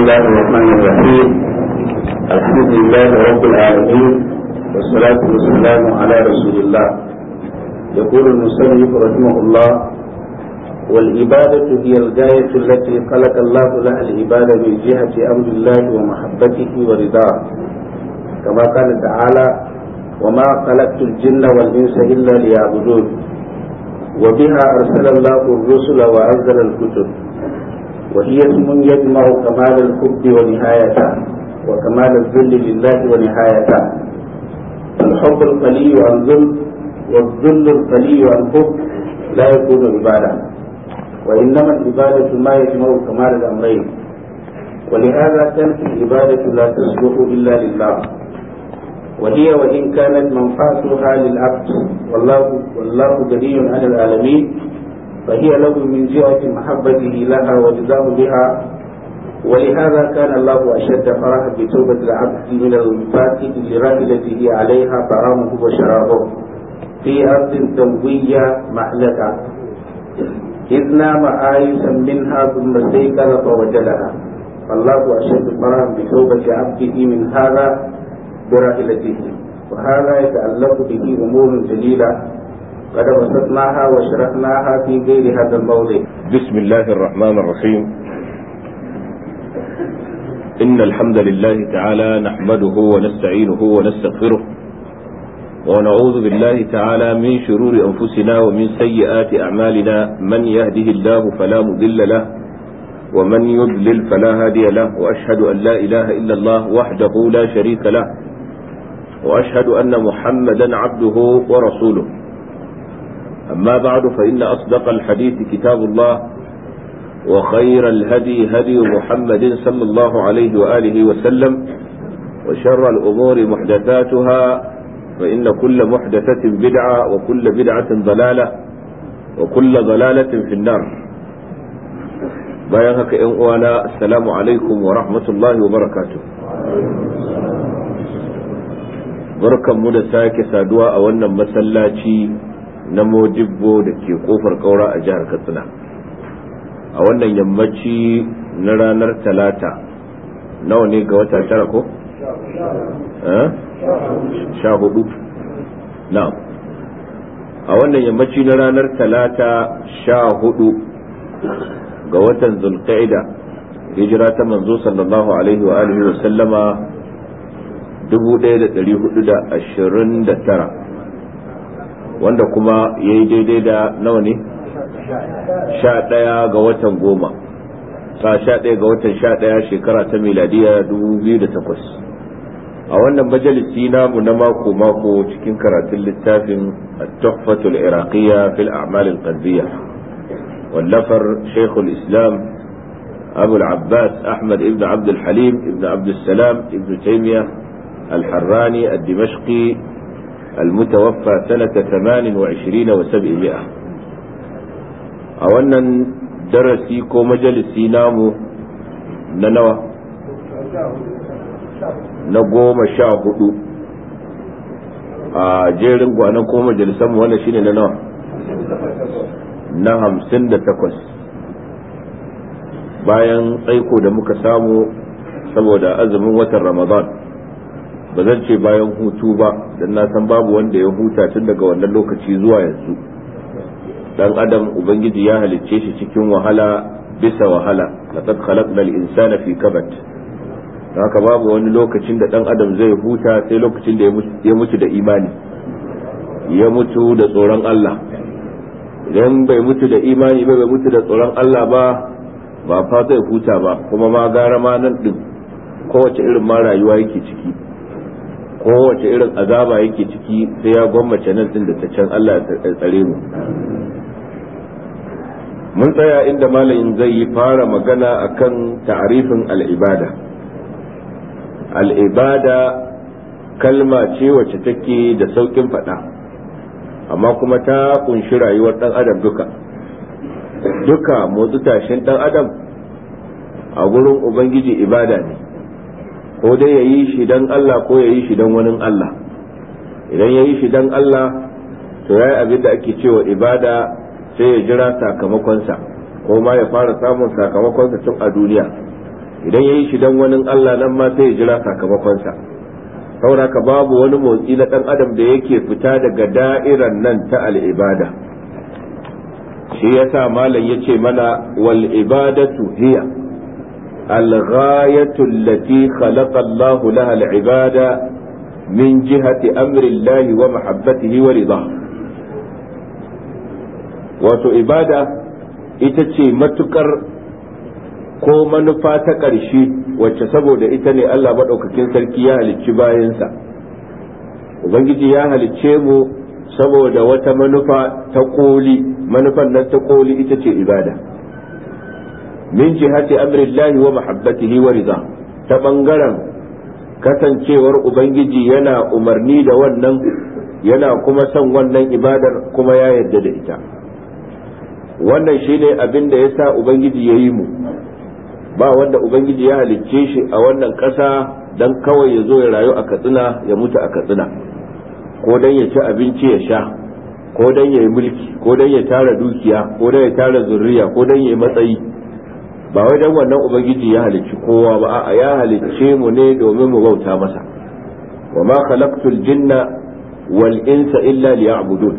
الله الرحمن الرحيم الحمد لله رب العالمين والصلاة والسلام على رسول الله يقول المسلم رحمه الله والعبادة هي الغاية التي خلق الله لها العبادة من جهة أمر الله ومحبته ورضاه كما قال تعالى وما خلقت الجن والإنس إلا ليعبدون وبها أرسل الله الرسل وأنزل الكتب وهي اسم يجمع كمال الحب ونهايته وكمال الذل لله ونهايته الحب القلي عن ذل والذل القلي عن حب لا يكون عبادة وإنما العبادة ما يجمع كمال الأمرين ولهذا كانت العبادة لا تصلح إلا لله وهي وإن كانت منفعتها للعبد والله والله غني على العالمين فهي له من جهة محبته لها وجزاه بها ولهذا كان الله أشد فرحا بتوبة العبد من الفاسد لراحلته عليها طعامه وشرابه في أرض دوية محلكة إذ نام آيسا منها ثم استيقظ فوجدها فالله أشد فرحا بتوبة عبده من هذا براحلته وهذا يتعلق به أمور جليلة قد بسطناها وشرحناها في غير هذا الموضع بسم الله الرحمن الرحيم إن الحمد لله تعالى نحمده ونستعينه ونستغفره ونعوذ بالله تعالى من شرور أنفسنا ومن سيئات أعمالنا من يهده الله فلا مضل له ومن يضلل فلا هادي له وأشهد أن لا إله إلا الله وحده لا شريك له وأشهد أن محمدا عبده ورسوله أما بعد فإن أصدق الحديث كتاب الله وخير الهدي هدي محمد صلى الله عليه وآله وسلم وشر الأمور محدثاتها فإن كل محدثة بدعة وكل بدعة ضلالة وكل ضلالة في النار bayan إن ‘yan السلام عليكم ورحمة الله وبركاته wa barakatuh barkanmu da na modibbo da ke kofar kaura a jihar katsina a wannan yammaci na ranar talata nawa ne ga wata tara ko? sha hudu na a wannan yammaci na ranar talata sha hudu ga watan zulqa'ida hijira ta manzo sallallahu alaihi wa alihi wa sallama 1429 wanda kuma ya yi daidai da nawa ne sha ɗaya ga watan goma sa sha ɗaya ga watan sha ɗaya shekara ta miladiyar dubu biyu da takwas a wannan majalisi namu na mako mako cikin karatun littafin at-tuhfatul iraqiyya fil a'malin al wallafar shaykhul islam أبو العباس ahmad ibn abdul halim ibn abdul salam ibn تيمية الحراني الدمشقي المتوفى سنة ثمان وعشرين وسبعمائة أولا درسي كو مجلسي نامو ننوى نقوم شاهدو a jerin gwanan ko majalisanmu wannan shine na nawa na hamsin da takwas bayan tsaiko da muka samu saboda azumin watan ramadan ba zan ce bayan hutu ba don na san babu wanda ya huta tun daga wannan lokaci zuwa yanzu dan adam ubangiji ya halicce shi cikin wahala bisa wahala laqad khalaqnal insana fi kabad haka babu wani lokacin da dan adam zai huta sai lokacin da ya mutu da imani ya mutu da tsoron Allah idan bai mutu da imani ba bai mutu da tsoron Allah ba ba fa zai huta ba kuma ma gara ma nan din kowace irin ma rayuwa yake ciki kowace irin azaba yake ciki sai ya gwammace nan din da ta can Allah ya tsare mu mun tsaya inda malamin zai yi fara magana a kan ta'arifin al'ibada al'ibada kalma ce wacce take da saukin faɗa amma kuma ta kunshi rayuwar ɗan adam duka duka motsi tashin ɗan adam a gurin ubangiji ibada ne ko dai ya yi shi don Allah ko ya yi shi don wani Allah idan ya yi shi don Allah to ya yi abin da ake cewa ibada sai ya jira sakamakonsa ko ma ya fara samun sakamakonsa tun a duniya idan ya yi shi don wani Allah nan ma sai ya jira sakamakonsa sauraka babu wani motsi na ɗan adam da yake fita daga da'iran nan ta al'ibada shi yasa malam ya ce mana wal ibadatu hiya الغاية التي خلق الله لها العبادة من جهة أمر الله ومحبته ورضاه wato ibada ita ce matukar ko manufa ta ƙarshe wacce saboda ita ne Allah maɗaukakin sarki ya halicci bayansa ubangiji ya halicce mu saboda wata manufa ta ƙoli manufan nan ta koli ita ce ibada min jihati amrillahi wa mahabbatihi wa ridha ta bangaren kasancewar ubangiji yana umarni da wannan yana kuma son wannan ibadar kuma ya yarda da ita wannan shine abin da yasa ubangiji yayi yi mu ba wanda ubangiji ya halicce shi a wannan kasa dan kawai ya zo ya rayu a katsina ya mutu a katsina ko dan ya ci abinci ya sha ko dan ya yi mulki ko dan ya tara dukiya ko dan ya tara zuriya ko dan ya yi matsayi ba wai dan wannan ubangiji ya halicci kowa ba a'a ya halicce mu ne domin mu bauta masa wa ma khalaqtul jinna wal insa illa liya'budun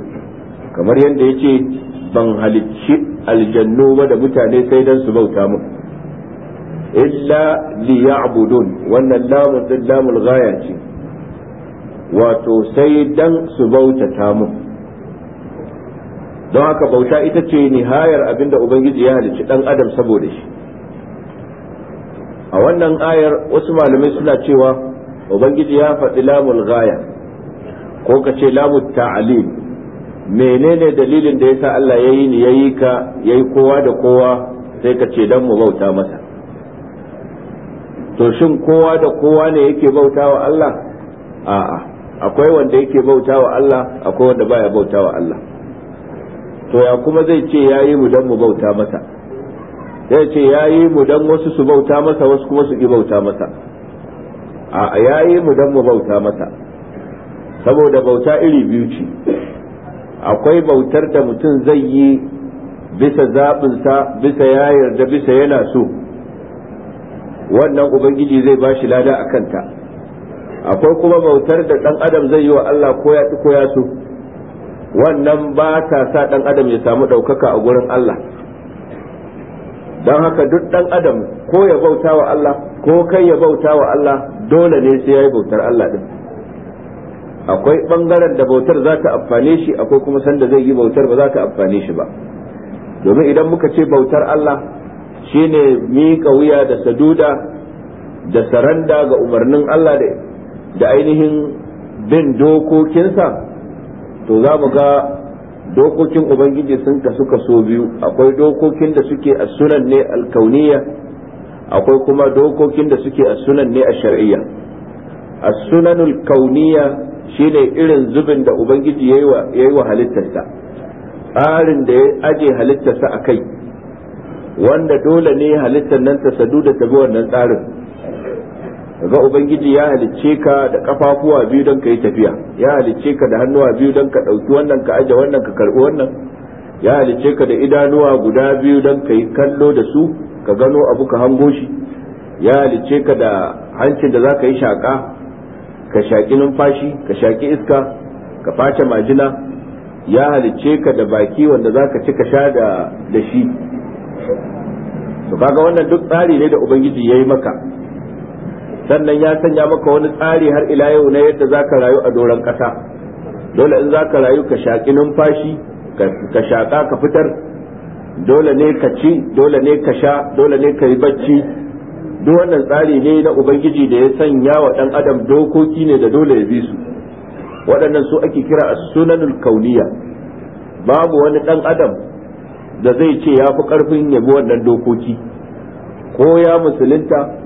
kamar yadda yace ban halicci aljannu ba da mutane sai dan su bauta mu illa liya'budun wannan lamun din lamul ghaya ce wato sai dan su bautata mu don haka bauta ita ce nihayar abinda ubangiji ya halicci dan adam saboda shi wannan ayar wasu malamai suna cewa ubangiji ya faɗi lamul gaya ko ka ce lamul ta'alim menene dalilin da yasa Allah ya yi ni ya yi ka ya yi kowa da kowa sai ka ce dan mu bauta masa to shin kowa da kowa ne yake bauta wa Allah a'a akwai wanda yake bauta wa Allah akwai wanda baya bauta wa Allah to ya kuma zai ce ya yi mu dan mu bauta masa ya ce ya yi mu don wasu su bauta masa wasu kuma su bauta masa a ya yi mu don mu bauta masa saboda bauta iri biyu ce akwai bautar da mutum zai yi bisa zaɓinsa bisa ya yarda bisa yana so wannan ubangiji zai ba shi lada a kanta akwai kuma bautar da ɗan adam zai yi wa Allah ko ya so wannan ba ta sa ɗan adam ya samu ɗaukaka a gurin Allah don haka duk ɗan adam ko ya bauta wa Allah ko kai ya bauta wa Allah dole ne sai ya yi bautar Allah din akwai ɓangaren da bautar za ta amfane shi akwai kuma sanda zai yi bautar ba za ta amfane shi ba domin idan muka ce bautar Allah shi ne miƙa wuya da saduda da saranda ga umarnin Allah da ainihin bin dokokinsa to za mu ga dokokin ubangiji sun kasu kaso biyu akwai dokokin da suke a sunan ne alkauniya akwai kuma dokokin da suke a sunan ne a shar'iyya a sunan alkauniya shine irin zubin da ubangiji ya yi wa halittarsa tsarin da ya aje halittarsa a kai wanda dole ne halittar nan ta sadu da tabi wannan tsarin ga ubangiji ya halicce ka da kafafuwa biyu don ka yi tafiya ya halicce ka da hannuwa biyu don ka ɗauki wannan ka aje wannan ka karɓi wannan ya halicce ka da idanuwa guda biyu don ka yi kallo da su ka gano abu ka hango shi ya halicce ka da hancin da za ka yi shaƙa ka shaƙi numfashi ka shaƙi iska ka face majina ya halicce ka da baki wanda za ka ci ka sha da shi to kaga wannan duk tsari ne da ubangiji ya yi maka sannan ya sanya maka wani tsari har ila yau na yadda za ka rayu a doron ƙasa dole in za ka rayu ka shaƙi numfashi ka shaƙa ka fitar dole ne ka ci dole ne ka sha dole ne ka yi bacci duk wannan tsari ne na ubangiji da ya sanya wa ɗan adam dokoki ne da dole ya bi su waɗannan su ake kira a sunanul kauniya babu wani ɗan adam da zai ce ya fi ƙarfin yabi wannan dokoki ko ya musulunta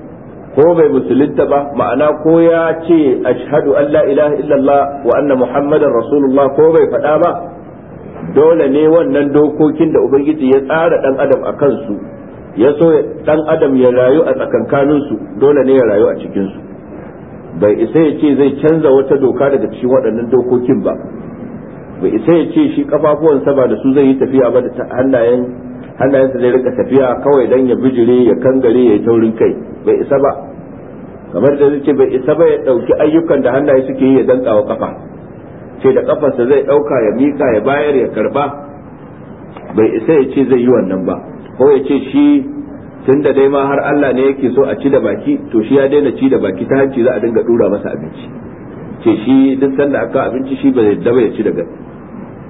ko bai musulunta ba ma'ana ko ya ce ashhadu an la ilaha illallah wa anna muhammadar rasulullah ko bai faɗa ba dole ne wannan dokokin da ubangiji ya tsara dan adam a kansu ya so dan adam ya rayu a tsakankaninsu dole ne ya rayu a cikinsu bai isa ya ce zai canza wata doka daga cikin waɗannan dokokin ba bai isa ya ce shi kafafuwansa ba da su zai yi tafiya ba da hannayen hannayensa zai rika tafiya kawai dan ya bijire ya kangare ya yi taurin kai bai isa ba kamar da zai ce bai isa ba ya dauki ayyukan da hannaye suke yi ya danka wa kafa ce da kafarsa zai ɗauka ya mika ya bayar ya karba bai isa ya ce zai yi wannan ba ko ya ce shi tun da dai ma har Allah ne yake so a ci da baki to shi ya daina ci da baki ta hanci za a dinga dura masa abinci ce shi duk sanda aka abinci shi ba zai daba ya ci daga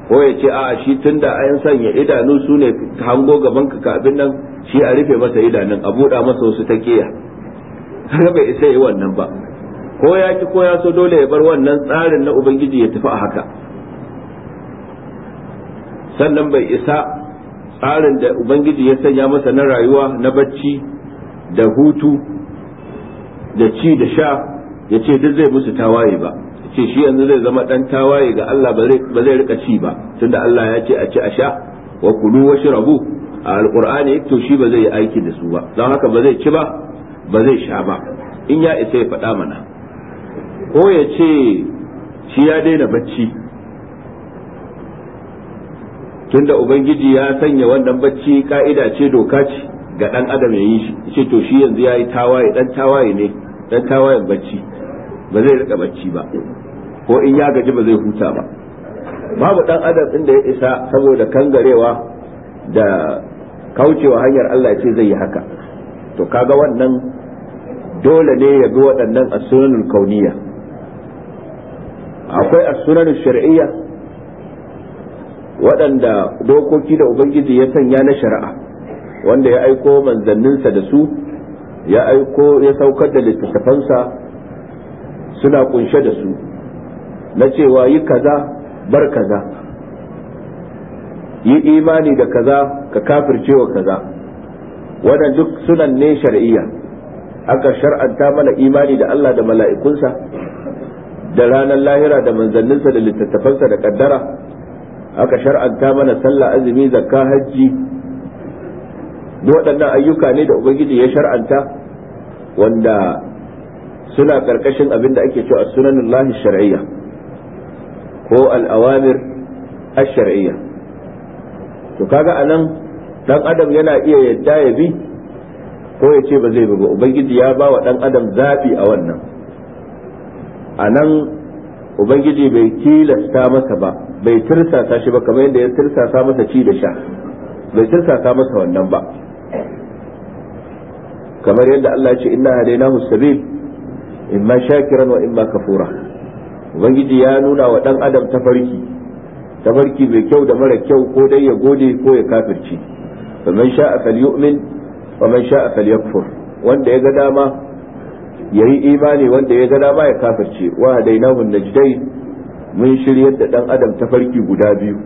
ko ya ce a shi tun da an sanya idanu su ne hango gaban ka kafin nan shi a rufe masa idanun a buɗa masa wasu ta keya. har bai isa yi wannan ba ko ya ki ko ya so dole ya bar wannan tsarin na ubangiji ya tafi a haka sannan bai isa tsarin da ubangiji ya sanya masa na rayuwa na bacci da hutu da ci da sha ya ce duk zai musu tawaye ba ce shi yanzu zai zama dan tawaye ga Allah ba zai rika ci ba tunda Allah ya ce a ci a sha wa kulu rabu a alqur'ani to shi ba zai yi aiki da su ba don haka ba zai ci ba ba zai sha ba in ya isa ya faɗa mana ko ya ce shi ya daina bacci tunda ubangiji ya sanya wannan bacci ka'ida ce doka ce ga dan adam ya yi shi ce to shi yanzu ya yi tawaye dan tawaye ne dan tawayen bacci ba zai rika bacci ba ko in ya gaji ba zai huta ba babu dan adam inda ya isa saboda kangarewa da kaucewa hanyar Allah ce zai yi haka to kaga wannan dole ne ya bi waɗannan asunanul kauniya? akwai asunanul shari'iyya waɗanda dokoki da ubangiji ya sanya na shari'a wanda ya aiko manzanninsa da su ya aiko ya saukar da littattafansa suna kunshe da su na cewa yi kaza bar kaza yi imani da kaza ka kafircewa kaza wadan duk sunan ne shar'iyya aka shar'anta mana imani da Allah da mala'ikunsa da ranar lahira da manzanninsa da littattafansa da kaddara aka shar'anta mana sallah azumi zakka hajji waɗannan ayyuka ne da ubangiji ya shar'anta wanda suna karkashin abin da ake cewa sunanin lahi shar'iyya ko al'awamir ash-shar'iyya to kaga anan dan adam yana iya yadda ya bi ko ya ce ba zai ba ubangiji ya ba wa dan adam zafi a wannan anan ubangiji bai tilasta masa ba bai tirsasa shi ba kamar yadda ya tirsasa masa ci da sha bai tirsasa masa wannan ba kamar yadda Allah ya ce inna hadainahu sabil imma shakiran wa imma kafura ubangiji ya nuna wa dan adam tafarki tafarki mai kyau da mara kyau ko dai ya gode ko ya kafirci man sha'a falyu'min wa man sha'a falyakfur wanda ya ga dama yayi imani wanda ya ga dama ya kafirce wa hadainahu najdai mun shiryar da dan adam tafarki guda biyu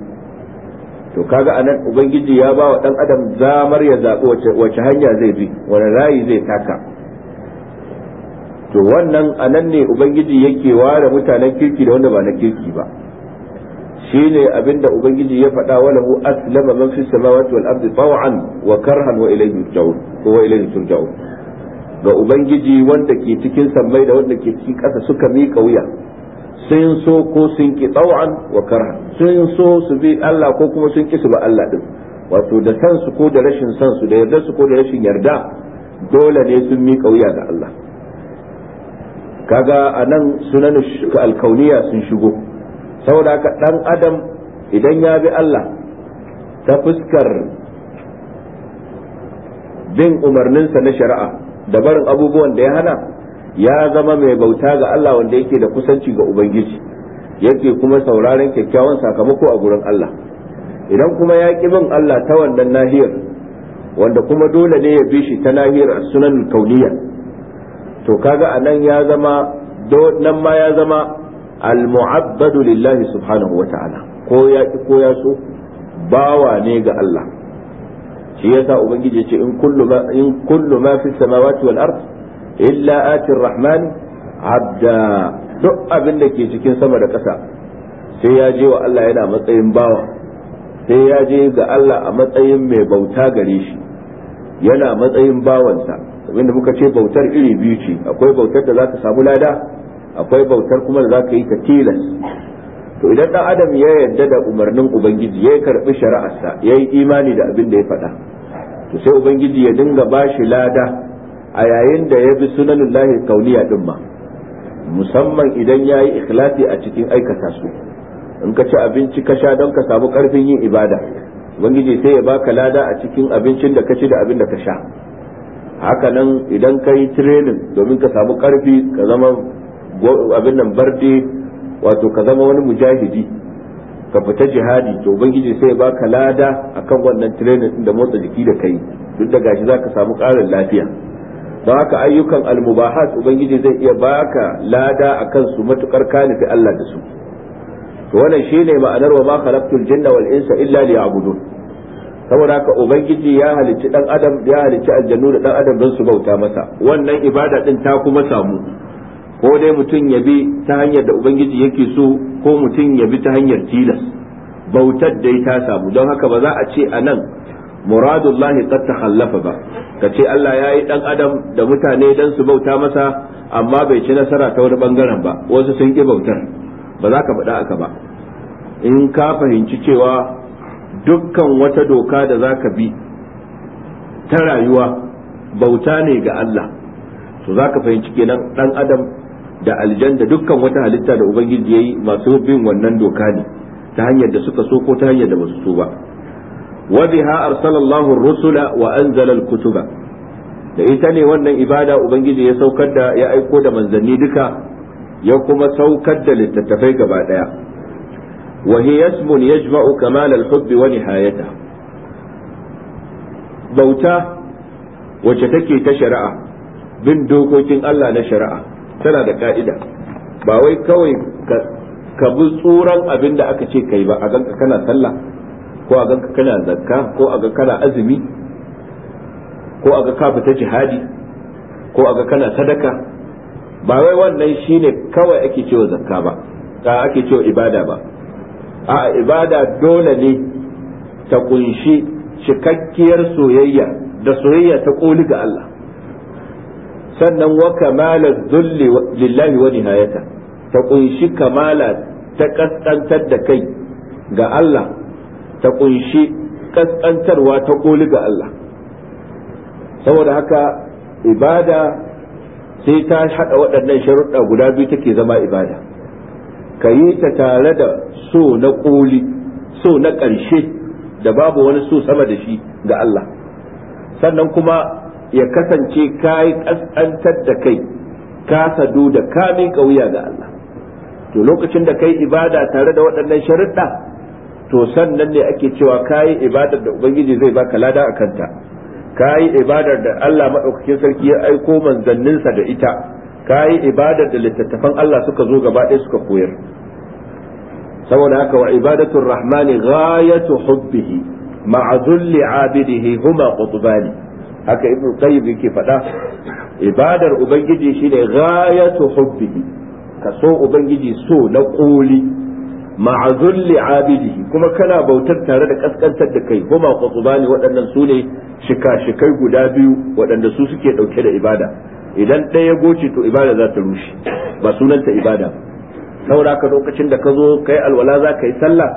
to kaga anan ubangiji ya ba wa dan adam zamar ya zaɓi wace hanya zai bi wani rayi zai taka to wannan anan ne ubangiji yake ware mutanen kirki da wanda ba na kirki ba shine abinda ubangiji ya faɗa wa lahu aslama man fi samawati wal ardi taw'an wa karhan wa ilayhi ko wa ilayhi turja'un ga ubangiji wanda ke cikin sammai da wanda ke cikin ƙasa suka miƙa wuya sun so ko sun ki taw'an wa karhan sun so su bi Allah ko kuma sun ki su ba Allah din wato da san su ko da rashin san su da yarda su ko da rashin yarda dole ne sun miƙa wuya ga Allah kaga a nan sunan alkauniya sun shigo saboda haka ɗan adam idan ya bi Allah ta fuskar bin umarninsa na shari'a da barin abubuwan da ya hana ya zama mai bauta ga Allah wanda yake da kusanci ga Ubangiji yake kuma sauraron kyakkyawan sakamako a gurin Allah idan kuma ya ƙi bin Allah ta wannan nahiyar wanda kuma dole ne ya bi shi ta nahiyar sunan kauniyar. to kaga anan ya zama nan ma ya zama almu'abbadu lillahi subhanahu wa ta'ala ko ya ki ko ya so bawa ne ga Allah shi yasa ubangiji ce in kullu ma in kullu ma fi samawati wal ard illa ati rahman abda duk abin da ke cikin sama da ƙasa sai ya je wa Allah yana matsayin bawa sai ya je ga Allah a matsayin mai bauta gare shi yana matsayin bawansa da kuka ce bautar iri biyu ce akwai bautar da zaka samu lada akwai bautar kuma da zaka yi ka tilas to idan dan adam ya yarda da umarnin ubangiji ya karbi shari'arsa ya yi imani da abin da ya faɗa to sai ubangiji ya dinga ba shi lada a yayin da ya bi lahi kauliya din ma musamman idan ya yi ikhlasi a cikin aikata su in ka ci abinci ka sha don ka samu karfin yin ibada ubangiji sai ya baka lada a cikin abincin da ka ci da abin da ka sha haka nan idan ka yi training domin ka samu karfi ka zama abin nan barde wato ka zama wani mujahidi ka fita jihadi to ubangiji sai baka lada kan wannan training da motsa jiki da kai duk da gashi zaka samu karin lafiya don haka ayyukan almubahat ubangiji zai iya baka lada akan su matukar ka nufi Allah da su to wannan shine ma'anar wa ma khalaqtul jinna wal insa illa liya'budun saboda haka ubangiji ya halicci dan adam ya halicci aljannu da dan adam don su bauta masa wannan ibada din ta kuma samu ko dai mutum ya bi ta hanyar da ubangiji yake so ko mutum ya bi ta hanyar tilas bautar dai ta samu don haka ba za a ce a nan muradullahi qad takhallafa ba kace Allah ya yi dan adam da mutane dan su bauta masa amma bai ci nasara ta wani bangaren ba wasu sun ki bautar ba za ka faɗa aka ba in ka fahimci cewa dukkan wata doka da za ka bi ta rayuwa bauta ne ga Allah to za ka fahimci kenan ɗan adam da aljan da dukkan wata halitta da ubangiji ya yi masu bin wannan doka ne ta hanyar da suka so ko ta hanyar da basu so ba wa biha arsalallahu rusula wa anzala alkutuba kutuba da ita ne wannan ibada ubangiji ya saukar da ya aiko da manzanni duka ya kuma saukar da littattafai gaba daya وهي اسم يجمع كمال الحب ونهايته بوتا وشتكي تشرع bin dokokin Allah na shari'a tana da ka'ida ba wai kawai ka bi tsoron abin da aka ce kai ba a ganka kana sallah ko a ganka kana zakka ko a ga kana azumi ko a ga ka fita jihadi ko a ga kana sadaka ba wai wannan shine kawai ake cewa zakka ba ka ake cewa ibada ba a ibada dole ne ta kunshi cikakkiyar soyayya da soyayya ta koli ga Allah sannan wa kamalar zulli lillahi wa nihayata ta kunshi kamala ta kaskantar da kai ga Allah ta kunshi kaskantarwa ta koli ga Allah saboda haka ibada sai ta haɗa waɗannan sharuɗa guda biyu take zama ibada ka yi ta tare da so na koli so na ƙarshe da babu wani so sama da shi ga Allah sannan kuma ya kasance ka yi ƙasƙantar da kai ka sadu da kamin ƙauya ga Allah to lokacin da kai ibada tare da waɗannan sharuɗa to sannan ne ake cewa ka yi ibadar da ubangiji zai baka lada a kanta ka yi ibadar da Allah maɗaukakin sarki ya aiko manzanninsa da ita ka yi ibadar da littattafan Allah suka zo gaba ɗaya suka koyar saboda haka wa ibadatul rahmani ghayatu hubbihi ma'a zulli abidihi huma qutbani haka ibnu qayyim yake faɗa ibadar ubangiji shine ghayatu hubbihi kaso ubangiji so na koli ma'a zulli abidihi kuma kana bautar tare da kaskantar da kai huma qutbani waɗannan su ne shika-shikai guda biyu waɗanda su suke ɗauke da ibada idan ɗaya ya goce to ibada za ta rushe ba sunanta ibada saboda ka lokacin da ka zo kai alwala za ka yi sallah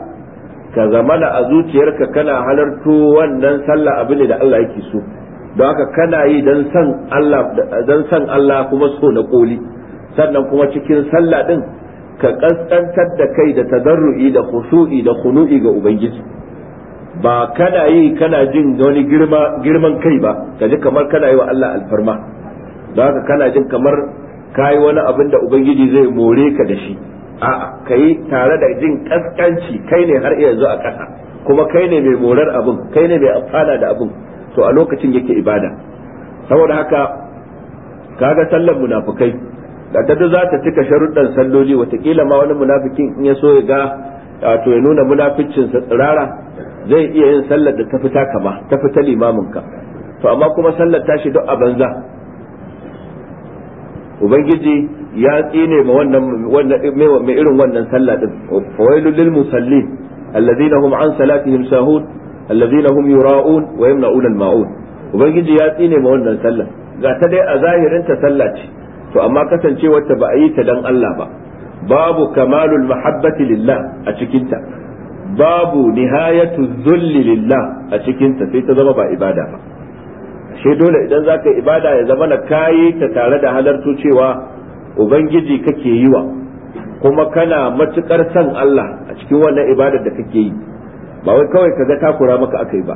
ka zamana a zuciyarka kana halarto wannan sallah abu ne da Allah yake so don haka kana yi don san Allah san Allah kuma so na koli sannan kuma cikin sallah din ka kaskantar da kai da tadarru'i da khushu'i da khunu'i ga ubangiji ba kana yi kana jin wani girman kai ba kaji kamar kana yi wa Allah alfarma don haka kana jin kamar kayi wani abin da ubangiji zai more ka da shi a'a kai tare da jin kaskanci kai ne har yanzu a ƙasa kuma kai ne mai morar abin kai ne mai amfana da abin to a lokacin yake ibada saboda haka kaga sallar munafukai da ta za ta cika sharuɗan salloli watakila ma wani munafikin in ya so ya ga wato ya nuna munaficinsa tsirara zai iya yin sallar da ta fita kama ta fita limamin ka to amma kuma sallar tashi duk a banza ubangiji ya tsine ma wannan mai irin wannan sallah din fawailul lil musallin alladhina hum an salatihim sahun alladhina hum yura'un wa yamna'un al ma'un ubangiji ya tsine ma wannan sallah ga ta dai a zahirin ta sallah ce to amma kasancewar ta ba a yi ta dan Allah ba babu kamalul mahabbati lillah a cikin ta babu nihayatu dhulli lillah a cikin ta sai ta zama ba ibada ba shi dole idan za ka ibada ya zama na kayi ta tare da halartu cewa ubangiji kake yi wa kuma kana matukar san Allah a cikin wannan ibada da kake yi ba wai kawai ka ga takura maka aka yi ba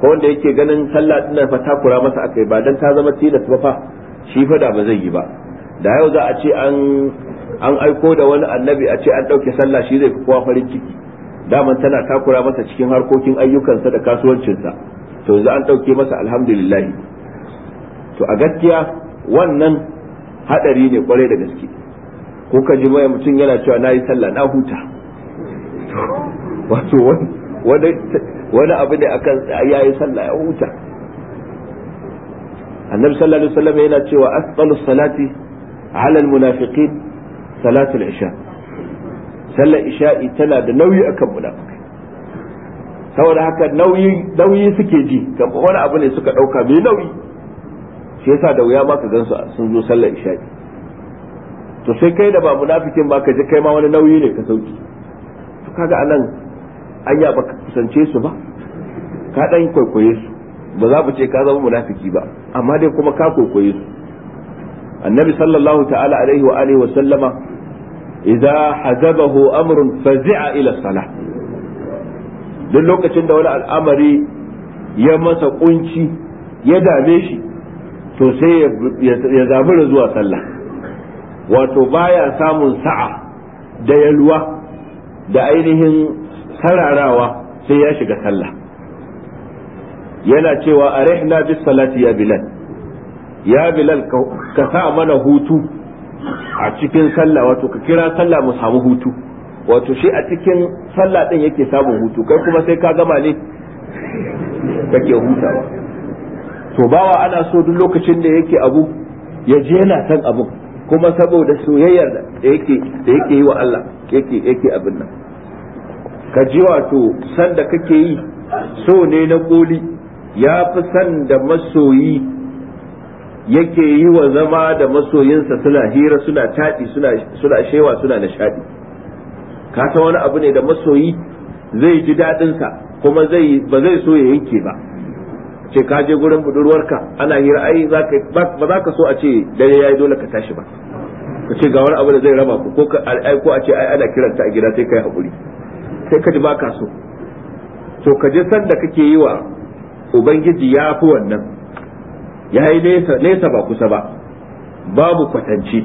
ko wanda yake ganin sallah dinnan fa takura masa aka yi ba dan ta zama tilas ba fa shi fa da ba zai yi ba da yau za a ce an an aiko da wani annabi a ce an ɗauke sallah shi zai fi kowa farin ciki daman tana takura masa cikin harkokin ayyukansa da kasuwancinsa to za an ɗauke masa alhamdulillah to a gaskiya wannan haɗari ne kwarai da gaske ko ka ji mai mutum yana cewa na yi sallah na huta wato wani abu ne akan ya yi sallah ya huta annabi sallallahu alaihi wasallam yana cewa asqalu salati ala almunafiqin salatu al-isha sallar isha'i tana da nauyi akan munafikai saboda haka nauyi suke ji ga wani abu ne suka ɗauka mai nauyi shi yasa da wuya ma ka gansu sun zo sallar isha'i to sai kai da ba munafikin ba ka ji kai ma wani nauyi ne ka sauki to kaga anan anya ba ka kusance su ba ka dan kwaikwaye su ba za mu ce ka zama munafiki ba amma dai kuma ka kwaikwaye su annabi sallallahu ta'ala alaihi wa alihi wa sallama idza hazabahu amrun fazi'a ila salah duk lokacin da wani al'amari ya masa kunci ya dame shi to sai ya da zuwa sallah wato baya samun sa'a da yalwa da ainihin sararawa sai ya shiga sallah yana cewa a na bis salati ya bilal ya bilal ka sa mana hutu a cikin sallah wato ka kira sallah mu samu hutu wato shi a cikin sallah din yake samun hutu kai kuma sai ka gama ne kake hutawa to bawa ana so duk lokacin da yake abu ya je yana san abu kuma saboda soyayyar da yake da yake yi wa Allah yake yake abin nan ka ji wato san da kake yi so ne na koli ya fi san da masoyi yake yi wa zama da masoyinsa suna hira suna taɗi suna shewa suna nishaɗi ka san wani abu ne da masoyi zai ji daɗin sa kuma zai ba zai so ya yanke ba ce ka je gurin budurwarka ana hira ai ba za ka so a ce dare yayi dole ka tashi ba ka ce ga wani abu da zai raba ku ko ko a ce ai ana kiranta a gida sai kai hakuri sai ka ji ba ka so to ka je san da kake yi wa ubangiji ya fi wannan ya yi nesa ba kusa ba babu kwatanci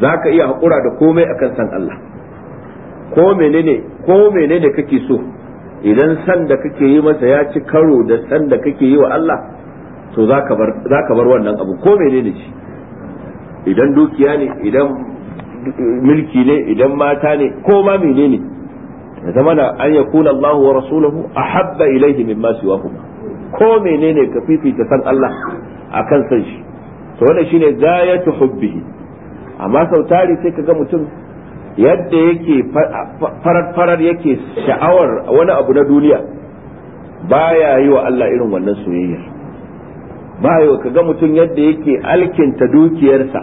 za ka iya haƙura da komai akan san Allah ko menene ko menene kake so idan san da kake yi masa ya ci karo da san da kake yi wa Allah to za ka bar wannan abu ko menene shi idan dukiya ne idan mulki ne idan mata ne ko ma menene ya zama da an yakuna Allah wa rasuluhu ahabba ilaihi mimma siwahuma ko menene ka fifita san Allah akan san shi to wannan shine gayatu hubbihi amma sautari sai sai kaga mutum yadda yake farar-farar yake sha'awar wani abu na duniya baya yi wa Allah irin wannan soyayya baya wa kaga mutum yadda yake alkinta dukiyarsa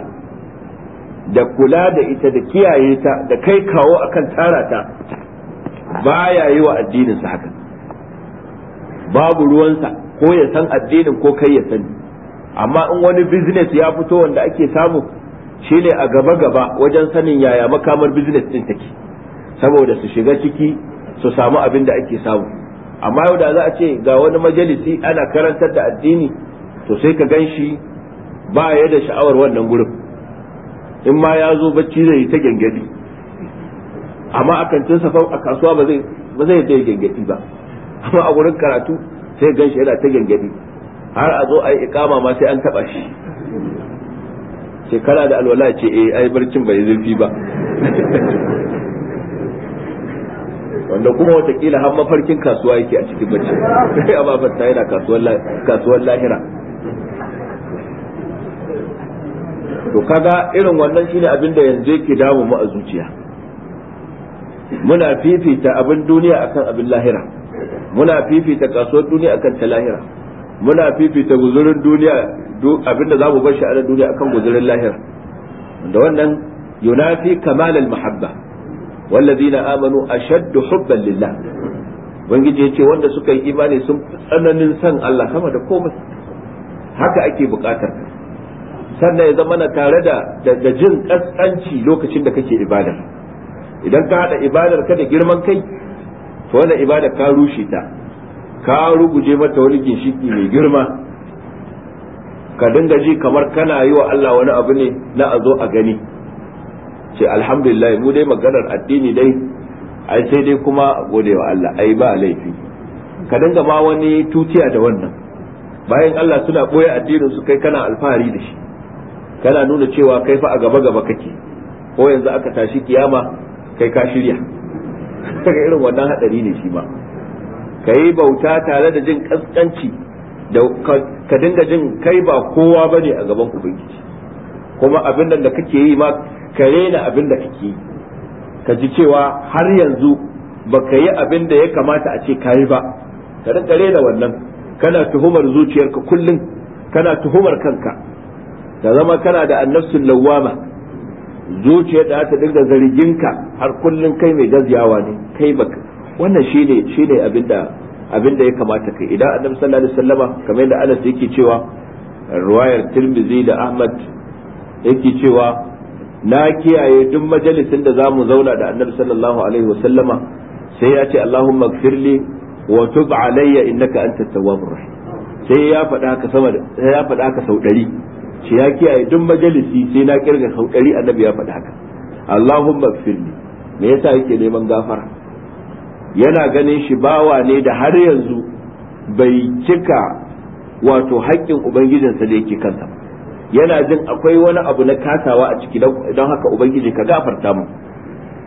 da kula da ita da kiyaye ta da kai kawo akan tarata, ta baya yi wa addininsa haka babu ruwansa ko ya san addinin ko kai ya sani amma in wani business ya fito wanda ake samu shine a gaba gaba wajen sanin yaya makamar business din take saboda su shiga ciki su samu abin da ake samu amma yau da za a ce ga wani majalisi ana karantar da addini to sai ka ganshi shi ba ya da sha'awar wannan gurin in ma ya zo bacci zai ta gengedi amma a kantin safa a kasuwa ba zai ba zai ta gengedi ba amma a wurin karatu sai gan yana ta gengedi har a zo a yi ikama ma sai an taɓa shi ce kana da alwala ce eh ai barcin bai zurfi ba wanda kuma watakila har mafarkin kasuwa yake a cikin bacci sai a mafarta yana kasuwar lahira to kaga irin wannan shine abin da yanzu yake damu mu a zuciya muna fifita abin duniya akan abin lahira muna fifita kasuwar duniya akan ta lahira muna fifita guzurin duniya abinda za mu bar shi a duniya akan guzurin lahira da wannan yunafi kamal al-mahabba wallazina amanu ashaddu hubban lillah ubangiji yace wanda suka yi imani sun tsananin san Allah sama da komai haka ake bukatar sannan ya zama na tare da da jin kaskanci lokacin da kake ibadar idan ka hada ibadar ka da girman kai to wannan ibadar ka rushe ta ka ruguje mata wani ginshiki mai girma ka dinga ji kamar kana yi wa Allah wani abu ne na a zo a gani ce alhamdulillah mu dai maganar addini dai ai sai dai kuma gode wa Allah ai ba laifi ka dinga ma wani tutiya da wannan bayan Allah suna boye addinin su kai kana alfahari da shi kana nuna cewa kai fa a gaba gaba kake ko yanzu aka tashi kiyama kai ka shirya kaga irin wannan hadari ne shi ba ka yi bauta tare da jin kaskanci da ka dinga jin kai ba kowa ba ne a gaban ubangiji kuma abin da kake yi ma ka rena abin da kake yi ka ji cewa har yanzu ba ka yi abin da ya kamata a ce ka yi ba ka dinga rena wannan kana tuhumar zuciyarka kullum kana tuhumar kanka Ta zama kana da annafsul lawwama zuciyar da ta dinga zarginka har kullum kai mai gaziyawa ne kai baka wannan shi ne abinda abinda ya kamata kai idan annabi sallallahu alaihi wasallama kamar yadda Anas yake cewa ruwayar Tirmidhi da Ahmad yake cewa na kiyaye duk majalisin da zamu zauna da annabi sallallahu alaihi wasallama sai ya ce Allahumma gfirli wa tub alayya innaka antat tawwabur rahim sai ya faɗa haka sama sai ya faɗa haka sau ɗari shi ya kiyaye duk majalisi sai na kirga sau ɗari annabi ya faɗa haka Allahumma gfirli me yasa yake neman gafara yana ganin shi bawa ne da har yanzu bai cika wato haƙƙin ubangijinsa da yake kansa yana jin akwai wani abu na kasawa a ciki don haka ubangiji ka gafarta mu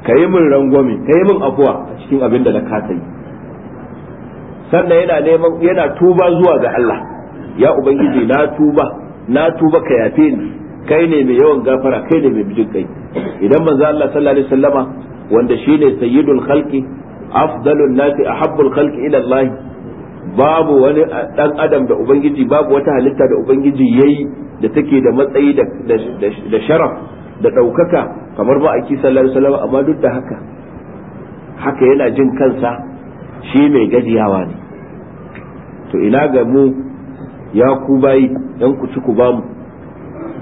ka yi min rangwame ka yi min afuwa a cikin abin da na kasa yi sannan yana neman yana tuba zuwa ga Allah ya ubangiji na tuba na tuba ka yafe ni kai ne mai yawan gafara kai ne mai bijin kai idan manzo Allah sallallahu alaihi wasallama wanda shine sayyidul khalqi أفضل الناس أحب الخلق إلى الله babu wani dan adam da ubangiji babu wata halitta da ubangiji yayi da take da matsayi da sharaf da ɗaukaka kamar ba a sallallahu alaihi amma duk da haka haka yana jin kansa shi mai gajiyawa ne to ina ga mu ya ku bayi dan ku ci ku bamu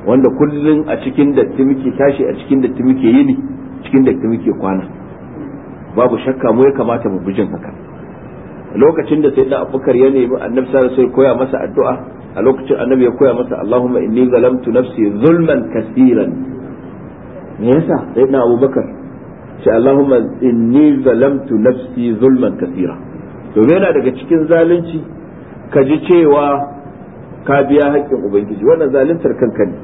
wanda kullun a cikin datti muke tashi a cikin datti muke yini cikin datti muke kwana babu shakka mu ya kamata mu bijin haka lokacin da sayyidina abubakar ya nemi annabi sallallahu alaihi koya masa addu'a a lokacin annabi ya koya masa allahumma inni zalamtu nafsi zulman kaseeran me yasa sayyidina abubakar ce allahumma inni zalamtu nafsi zulman kaseera to yana daga cikin zalunci ka ji cewa ka biya haƙƙin ubangiji wannan zaluntar kanka ne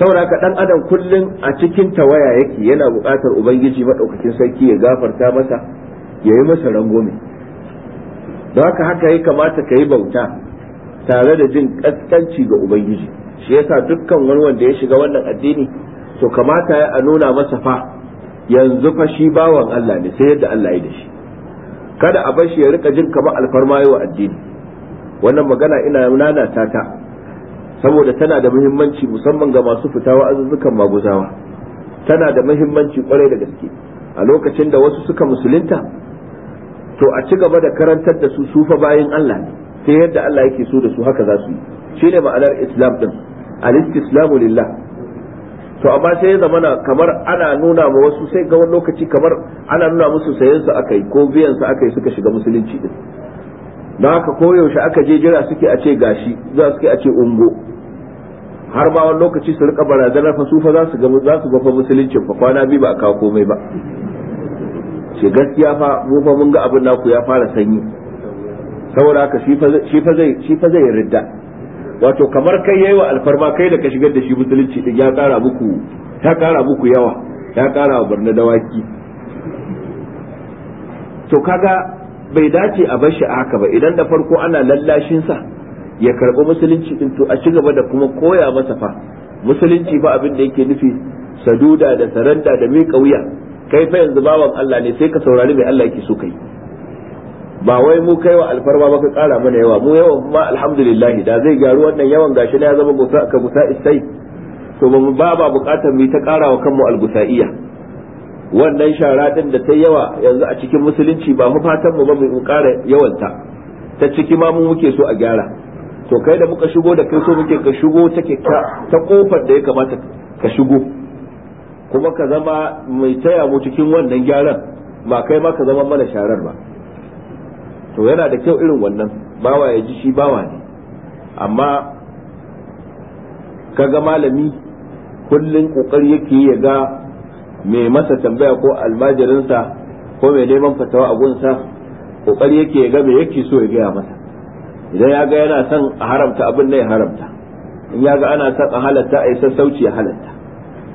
saboda ka dan adam kullum a cikin tawaya yake yana buƙatar ubangiji madaukakin sarki ya gafarta masa ya yi masa rangome don haka haka ya kamata ka yi bauta tare da jin kaskanci ga ubangiji shi yasa dukkan wani wanda ya shiga wannan addini to kamata ya a nuna masa fa yanzu fa shi bawan Allah ne sai yadda Allah ya da shi kada a bar shi ya rika jin kamar alfarma wa addini wannan magana ina nana ta ta saboda tana da muhimmanci musamman ga masu fita wa'azuzzukan maguzawa tana da muhimmanci kwarai da gaske a lokacin da wasu suka musulunta to a ci gaba da karantar da su sufa bayan Allah ne sai yadda Allah yake so da su haka za su yi shine ma'anar islam din al-istislamu lillah to amma sai ya zamana kamar ana nuna ma wasu sai ga wani lokaci kamar ana nuna musu sayan su akai ko biyan su akai suka shiga musulunci din don haka koyaushe aka je jira suke a ce gashi za suke a ce ungo har ba wani lokaci su rika barazanar fa sufa fa za su ga za su gafa musuluncin fa kwana biyu ba a kawo komai ba ce gaskiya fa mu fa mun ga abin naku ya fara sanyi saboda haka shi fa zai shi fa zai ridda wato kamar kai yayi wa alfarma kai da ka shigar da shi musulunci din ya kara muku ya kara muku yawa ya kara wa barna dawaki to kaga bai dace a bar shi haka ba idan da farko ana lallashin sa ya karɓi musulunci din to a ci gaba da kuma koya masa fa musulunci ba abin da yake nufi saduda da saranda da miƙa wuya kai fa yanzu bawan Allah ne sai ka saurari mai Allah yake so kai ba wai mu kai wa alfarma ba ka kara mana yawa mu yawan ma alhamdulillah da zai gyaru wannan yawan gashi ne ya zama gusa ka gusa istai to ba mu ba bukatar mu ta kara wa kanmu algusaiya wannan shara din da ta yawa yanzu a cikin musulunci ba mu fatan mu ba mu kara yawanta ta ciki ma mu muke so a gyara to kai da muka shigo da kai so muke ka shigo take ta kofar da ya kamata ka shigo kuma ka zama mai taya mu cikin wannan gyaran ba kai ma ka zama mana sharar ba to yana da kyau irin wannan bawa ya ji shi bawa ne amma ka ga malami kullum kokari yake ya ga mai masa tambaya ko almajirinsa ko mai neman fatawa a gunsa kokari yake ya ga mai yake so ya gaya masa idan ya ga yana son a haramta abin da ya haramta in ya ga ana son a halatta a yi sassauci ya halatta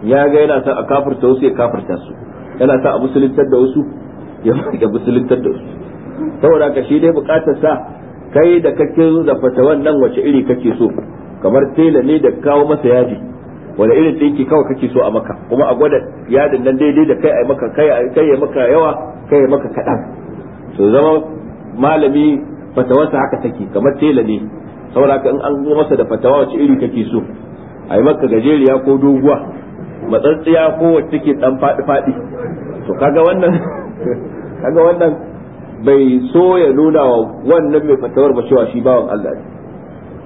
ya ga yana son a kafirta wasu ya kafirta su yana son a musuluntar da wasu ya musuluntar da wasu saboda ka shi dai bukatar sa kai da kake da fatawan nan wace iri kake so kamar tela ne da kawo masa yaji wani irin ɗinki kawai kake so a maka kuma a gwada yadin nan daidai da kai a maka kai a maka yawa kai a maka kaɗan so zama malami fatawarsa haka take kamar tela ne saboda in an zo masa da fatawa wace iri take so a yi maka gajeriya ko doguwa matsantsiya ko wacce take dan fadi fadi to kaga wannan kaga wannan bai so ya nuna wa wannan mai fatawar ba cewa shi bawan Allah ne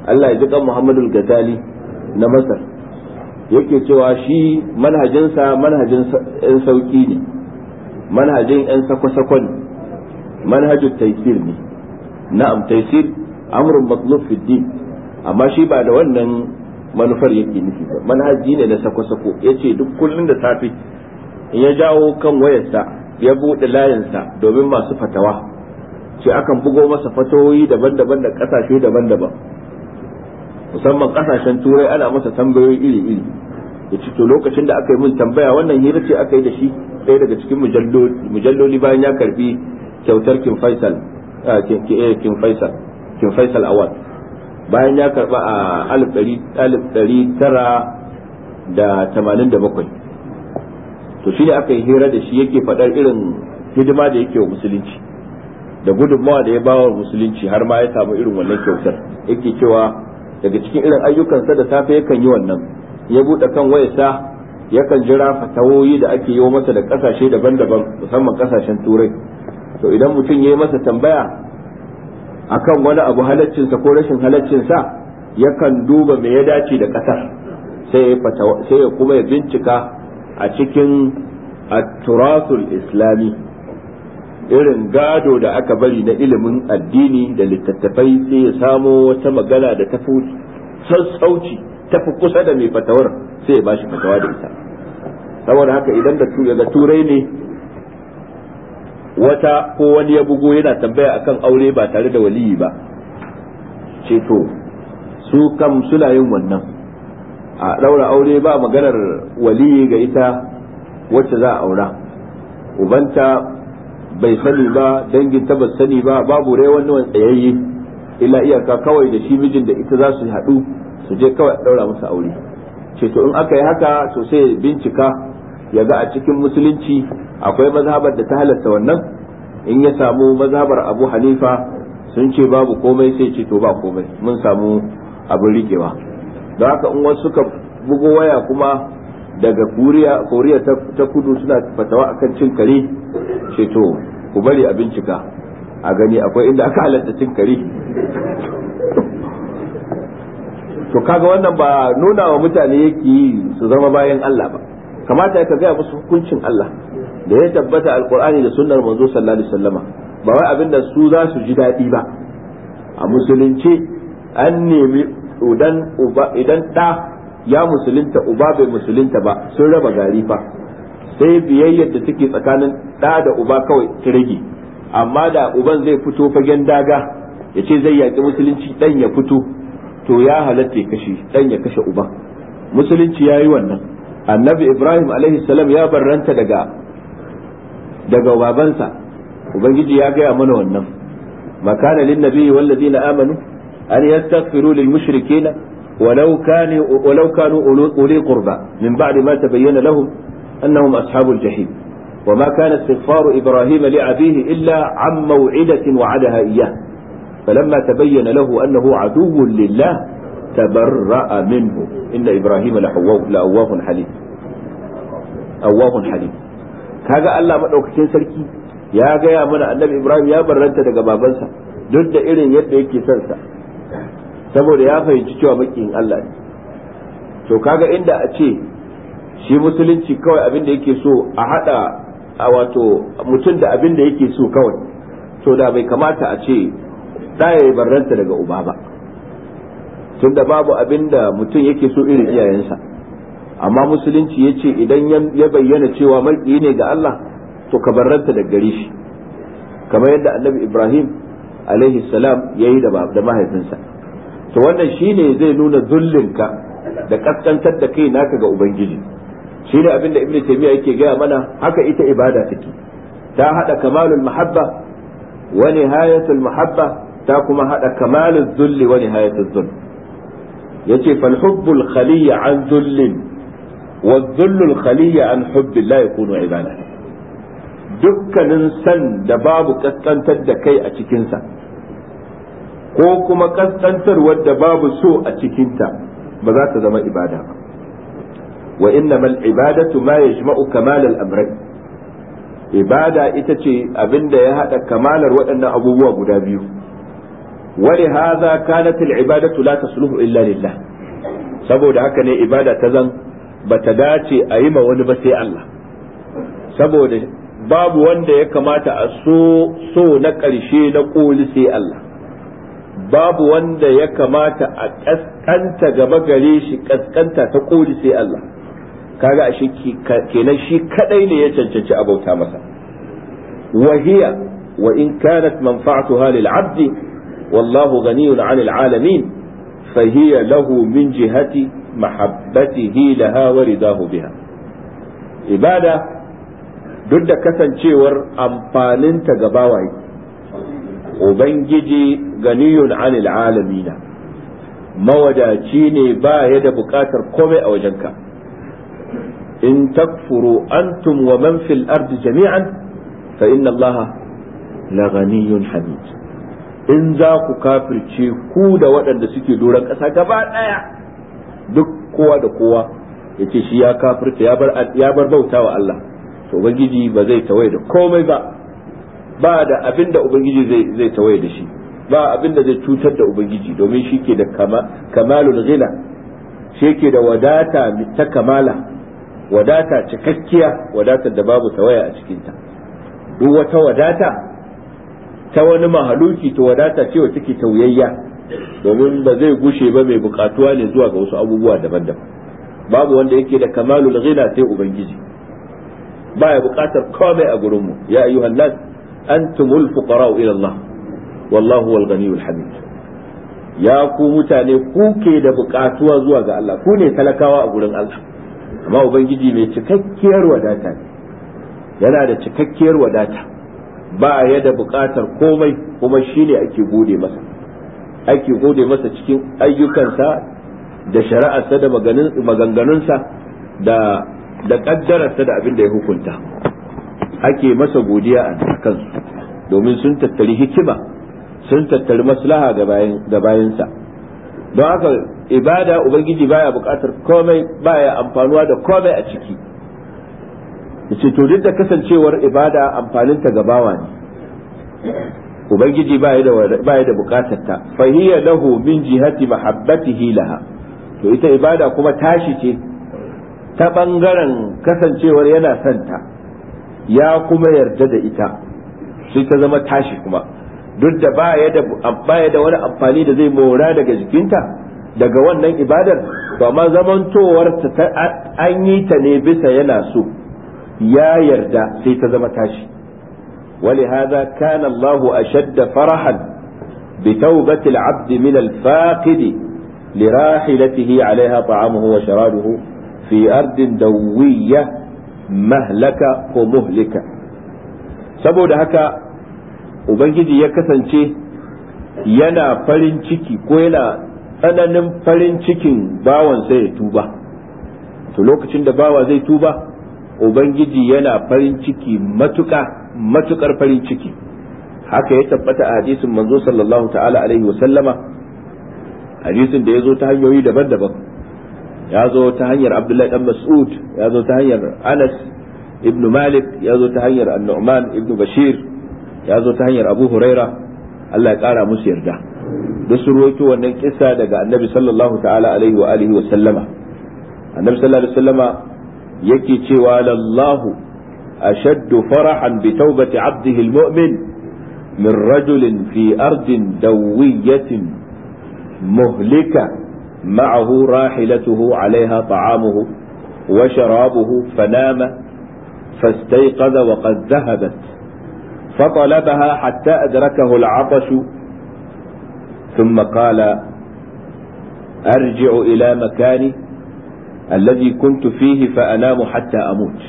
Allah ya ji kan Muhammadul Ghazali na Masar yake cewa shi manhajinsa manhajin ɗan sauki ne manhajin ɗan sako-sakon manhajin taisir ne na'am taisir amrun matlub fiddi amma shi ba da wannan manufar yake nufi ba manhaji ne na sako-sako ce duk kullum da safe in ya jawo kan wayarsa ya buɗe layinsa domin masu fatawa sai akan bugo masa fatawoyi daban-daban da ƙasashe daban-daban musamman ƙasashen turai ana masa tambayoyi iri-iri ya ci to lokacin da aka yi mun tambaya wannan hira ce aka yi da shi ɗaya daga cikin mujalloli bayan ya karbi kyautar kin faisal kin faisal bayan ya karba a 1987 to shi ne aka yi hira da shi yake faɗar irin hidima da yake wa musulunci da gudunmawa da ya bawa musulunci har ma ya samu irin wannan kyautar yake cewa daga cikin irin ayyukansa da safe yakan yi wannan ya buɗe kan wayarsa yakan jira fatawoyi da ake yi masa da kasashe daban-daban musamman ƙasashen turai to idan mutum ya yi masa tambaya a kan wani abu halaccinsa ko rashin halaccinsa yakan duba me ya dace da ƙasar sai ya kuma ya bincika a cikin turasul islami irin gado da aka bari na ilimin addini da littattafai sai ya samo wata magana da tafi sassauci tafi kusa da mai fatawar sai ya ba shi fatawa da ita saboda haka idan da daga turai ne wata ko wani ya bugo yana tambaya akan aure ba tare da waliyi ba ce to su kam suna yin wannan a daura aure ba maganar waliyi ga ita wacce za a aura ubanta bai sani ba dangin ta ba sani ba babu rai wani tsayayye illa iyaka kawai da shi mijin da ita za su haɗu su je kawai daura masa aure Ceto in aka yi haka sosai sai bincika ya ga a cikin musulunci akwai mazhabar da ta halatta wannan in ya samu mazhabar abu hanifa sun ce babu komai sai ce to ba komai mun samu abin rikewa don haka in wasu suka bugo waya kuma daga koriya ta kudu suna fatawa akan cin kare ce to ku bari a bincika a gani akwai inda aka halatta cin kare to kaga wannan ba nuna wa mutane yake su zama bayan Allah ba kamata ka gaya musu hukuncin Allah da ya tabbata alkurani da sunnar manzo sallallahu alaihi wasallama ba wai abin da su za su ji daɗi ba a musulunci an nemi udan uba idan da ya musulunta uba bai musulunta ba sun raba gari fa sai biyayyar da take tsakanin da da uba kawai ta rage amma da uban zai fito fagen daga ya ce zai yaƙi musulunci dan ya fito to ya halatta ya kashe dan ya kashe uba musulunci yayi wannan annabi ibrahim alaihi salam ya barranta daga daga babansa ubangiji ya gaya mana wannan makana lin nabiyyi wal ladina amanu an yastaghfiru lil mushrikeena ولو كانوا ولو كانوا اولي قربى من بعد ما تبين لهم انهم اصحاب الجحيم وما كان استغفار ابراهيم لابيه الا عن موعده وعدها اياه فلما تبين له انه عدو لله tabarra'a minhu inda ibrahim la'awwahun halim awwahun halim kaga Allah madaukakin sarki ya gaya mana annabi ibrahim ya barranta daga babansa duk da irin yadda yake son sa saboda ya fahimci cewa makiyin Allah ne to kaga inda a ce shi musulunci kawai abin da yake so a hada a wato mutum da abin da yake so kawai to da bai kamata a ce da ya barranta daga uba ba tunda babu abin da mutum yake so irin iyayensa amma musulunci ya ce idan ya bayyana cewa marƙi ne ga Allah to ka barranta da gare shi kamar yadda annabi ibrahim alaihi salam ya yi da mahaifinsa to wannan shine zai nuna zullinka da kaskantar da kai naka ga ubangiji shine abin da ibnu taymiya yake gaya mana haka ita ibada take ta hada kamalul mahabba wa nihayatul mahabba ta kuma hada kamalul zulli wa nihayatul zulli yace falhubbul hubbul khaliya an dhullin wa dhullul khaliya an hubbillah yakunu ibada dukkanin san da babu kaskantar da kai a cikinsa ko kuma kaskantarwar wadda babu so a cikinta ba za ta zama ibada ba wa innamal ibadatu ma yajma'u kamal al-amrayn ibada ita ce abinda ya hada kamalar waɗannan abubuwa guda biyu ولهذا كانت العبادة لا تصلح إلا لله saboda haka ne ibada ta zan ba dace a yi ma wani ba sai Allah saboda babu wanda ya kamata a so na ƙarshe na koli sai Allah babu wanda ya kamata a ƙasƙanta gaba gare shi ƙasƙanta ta koli sai Allah kaga ashe kenan shi kadai ne ya cancanci abauta masa wahiya wa in kanat manfa'atuha halil 'abdi wallahu ghaniyun 'anil 'alamin fa hiya lahu min jihati mahabbatihi laha wa ridahu ibada duk da kasancewar amfaninta ga bawaye ubangiji ganiyun 'anil 'alamina mawadaci ne ba ya da bukatar komai a wajenka in takfuru antum wa man fil ardi jami'an fa inna allaha la ganiyun hamid in za ku kafirce ku da waɗanda suke doron ƙasa gaba ɗaya duk kowa da kowa ya ce shi ya kafirta ya bar bauta wa Allah to ubangiji ba zai tawaye da komai ba ba da abin da ubangiji zai tawaye da shi ba abin da zai cutar da ubangiji domin shi ke da kamalul ghina shi ke da wadata ta kamala wadata cikakkiya wadatar da babu tawaya a cikinta duk wata wadata ta wani mahaluki ta wadata cewa ciki ta tauyayya domin ba zai gushe ba mai bukatuwa ne zuwa ga wasu abubuwa daban-daban babu wanda yake da kamalul ghina sai ubangiji baya bukatar komai a gurin mu ya ayyuhan nas antumul fuqara ila Allah wallahu wal ghaniyul hamid ya ku mutane ku ke da bukatuwa zuwa ga Allah ku ne talakawa a gurin Allah amma ubangiji mai cikakkiyar wadata ne yana da cikakkiyar wadata ba ya da buƙatar komai kuma shi ne ake gode masa ake gode masa cikin ayyukansa da shari'arsa da maganganunsa da da ƙaddararsa da abin da ya hukunta ake masa godiya a kansu domin sun tattari hikima sun tattari maslaha ga bayansa don haka ibada ubangiji baya buƙatar komai baya amfanuwa da komai a ciki yace to duk da kasancewar ibada amfaninta ga bawa ne ubangiji ba da ba da bukatar ta fa hiya lahu min jihati mahabbatihi laha to ita ibada kuma tashi ce ta bangaren kasancewar yana santa ya kuma yarda da ita sai ta zama tashi kuma duk da ba ya da wani amfani da zai mora daga jikinta daga wannan ibadar to amma zamantowar ta an yi ta ne bisa yana so ya yarda sai ta zama tashi ولهذا كان الله أشد فرحا بتوبة العبد من الفاقد لراحلته عليها طعامه وشرابه في أرض دوية مهلكة ومهلكة saboda haka ubangiji ya kasance yana farin ciki ko yana tsananin farin cikin bawansa ya tuba to lokacin da bawa zai tuba ubangiji yana farin ciki matuƙa matuƙar farin ciki haka ya tabbata a hadisin manzo sallallahu ta'ala alaihi wa sallama hadisin da ya zo ta hanyoyi daban-daban ya zo ta hanyar abdullahi dan mas'ud ya zo ta hanyar anas ibn malik ya zo ta hanyar annu'man ibn bashir ya zo ta hanyar abu huraira allah ya kara musu yarda duk sun roƙi wannan kisa daga annabi sallallahu ta'ala alaihi wa alihi wa sallama annabi sallallahu alaihi wa sallama yake cewa lallahu ashaddu farahan bi taubati abdihi almu'min min rajulin fi ardin dawiyatin muhlika معه راحلته عليها طعامه وشرابه فنام فاستيقظ وقد ذهبت فطلبها حتى أدركه العطش ثم قال أرجع إلى مكاني الذي كنت فيه فأنام حتى أموت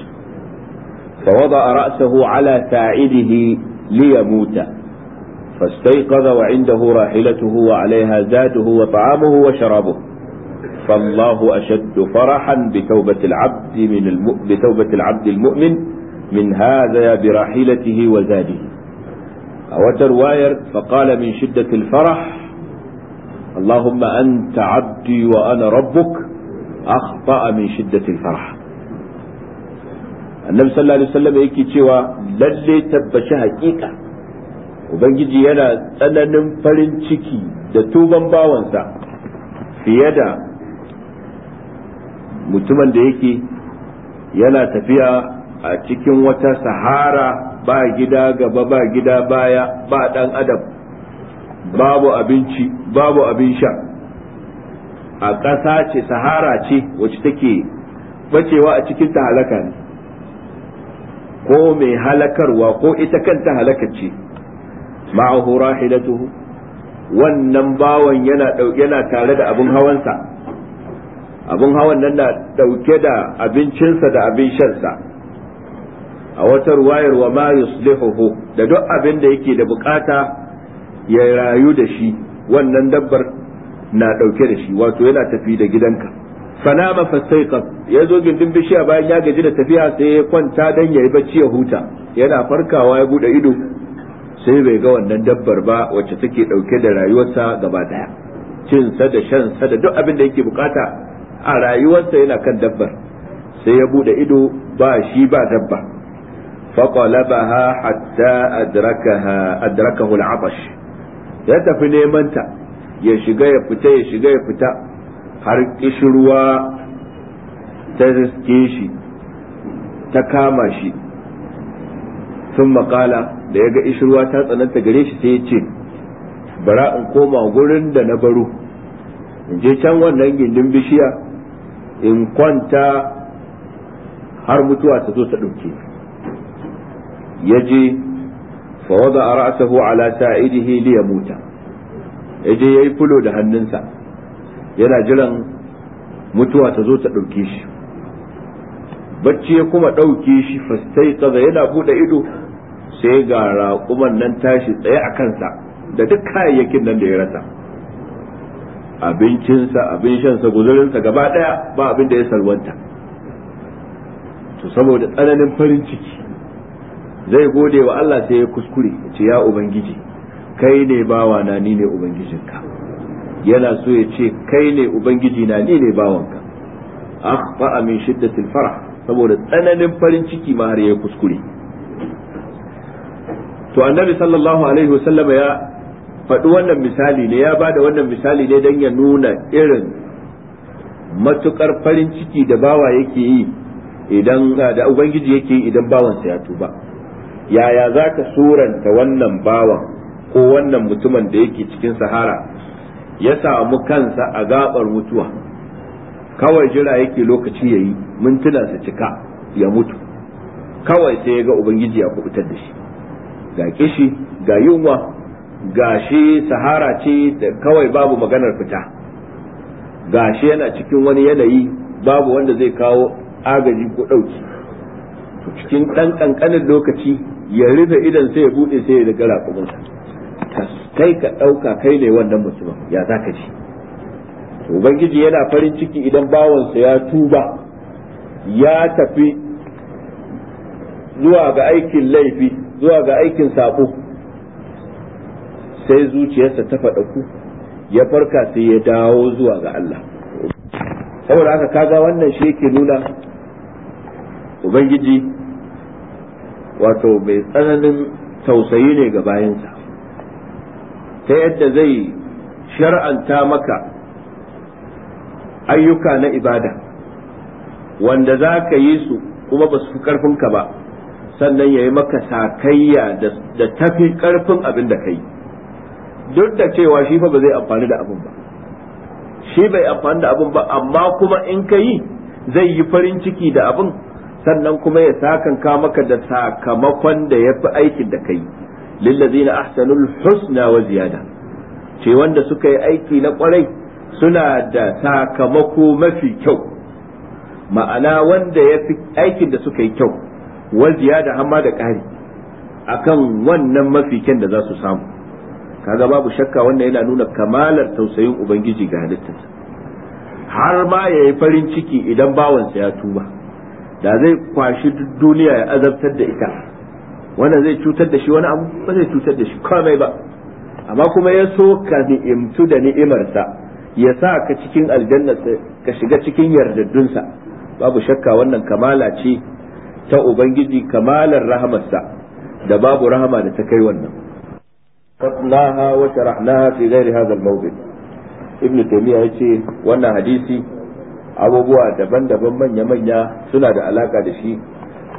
فوضع رأسه على ساعده ليموت فاستيقظ وعنده راحلته وعليها زاده وطعامه وشرابه فالله أشد فرحا بتوبة العبد من الم... بتوبة العبد المؤمن من هذا براحلته وزاده واير فقال من شدة الفرح اللهم أنت عبدي وأنا ربك akhta'a min al farah annabi sallallahu alaihi wasallam yake cewa lalle tabbaci haƙiƙa ubangiji yana tsananin farin ciki da tuban bawansa fiye da mutumin da yake yana tafiya a cikin wata sahara ba gida gaba ba gida baya ba dan adam babu abinci babu abin sha a ƙasa ce sahara ce wacce take bacewa a cikin ta halaka ne ko mai halakarwa ko ita kanta halakacce ma'ahu rahilatuhu wannan bawan yana yana tare da abin hawansa abin hawan nan na dauke da abincinsa da abin shansa a wata ruwayar wa ma yuslihuhu da duk abin da yake da bukata ya rayu da shi wannan dabbar na ɗauke da shi wato yana tafi da gidanka fanama fastaiqas ya zo gindin bishiya bayan ya gaji da tafiya sai ya kwanta dan ya yi bacci ya huta yana farkawa ya bude ido sai bai ga wannan dabbar ba wacce take ɗauke da rayuwarsa gaba daya cin sa da shan sa da duk abin da yake bukata a rayuwarsa yana kan dabbar sai ya bude ido ba shi ba dabba faqalabaha hatta adrakaha adrakahu al ya tafi neman ta ya shiga ya fita ya shiga ya fita har kishirwa ta riske shi ta kama shi sun makala da yaga ga ishirwa ta tsananta gare shi sai ya ce bara in koma gurin da na baro in je can wannan gindin bishiya in kwanta har mutuwa ta zo ta ɗauke ya je fa wada ra'sahu ala sa'idihi li yamuta ya je ya yi fulo da hannunsa yana jiran mutuwa ta zo ta ɗauke shi bacci ya kuma ɗauke shi fastai kaza yana buɗe ido sai ga raƙuman nan tashi tsaye a kansa da duk kayayyakin nan da ya rasa abincinsa abin shansa guzurinsa gaba ɗaya ba abin da ya salwanta to saboda tsananin farin ciki zai gode wa Allah sai ya kuskure ce ya ubangiji kai ne bawa na ni ne ubangijinka yana so ya ce kai ne ubangiji na ni ne bawanka akhfa min shiddatil farah saboda tsananin farin ciki ma har ya kuskure to annabi sallallahu alaihi wasallam ya faɗi wannan misali ne ya bada wannan misali ne dan ya nuna irin matukar farin ciki da bawa yake yi idan da ubangiji yake idan bawansa ya tuba yaya za ka suranta wannan bawan ko wannan mutumin da yake cikin sahara ya samu kansa a gabar mutuwa kawai jira yake lokaci ya yi mintuna su cika ya mutu kawai sai ya ga ubangiji ya kubutar da shi ga kishi ga yunwa ga shi sahara ce da kawai babu maganar fita ga shi yana cikin wani yanayi babu wanda zai kawo agaji ko ɗauki cikin ɗan ƙanƙanin lokaci ya rufe idan sai ya buɗe sai ya daga raƙuminsa kai ka ɗauka kai ne wannan mutumin ya za ka ji ubangiji yana farin ciki idan bawansa ya tuba ya tafi zuwa ga aikin laifi zuwa ga aikin sabo sai zuciyarsa ta faɗaku ya farka sai ya dawo zuwa ga Allah saboda haka kaga wannan shi yake nuna ubangiji wato mai tsananin tausayi ne ga bayansa ta yadda zai shar'anta maka ayyuka na ibada wanda za ka yi su kuma ba su fi ƙarfinka ba sannan ya yi maka sakayya da tafi ƙarfin abin da ka yi duk da cewa shi fa ba zai amfani da abin ba shi bai amfani da abin ba amma kuma in ka yi zai yi farin ciki da abin sannan kuma ya sakanka maka da sakamakon da ya fi aikin da ka yi lillazina ahsanul husna wa ziyada ce wanda suka yi aiki na kwarai suna da sakamako mafi kyau ma'ana wanda ya fi aikin da suka yi kyau wa da amma da ƙari akan wannan mafi kyan da za su samu kaga babu shakka wannan yana nuna kamalar tausayin ubangiji ga halittarsa har ma ya yi farin ciki idan bawansa ya tuba da zai kwashi duniya ya azabtar da ita wanda zai cutar da shi wani abu ba zai cutar da shi komai ba amma kuma ya so ka ni'imtu da ni'imarsa ya sa ka cikin aljanna ka shiga cikin yardaddunsa babu shakka wannan kamala ce ta ubangiji kamalar rahamarsa da babu rahama da ta kai wannan fatnaha wa sharahnaha fi ghairi hadha al-mawdi' ibn taymiya yace wannan hadisi abubuwa daban-daban manya-manya suna da alaka da shi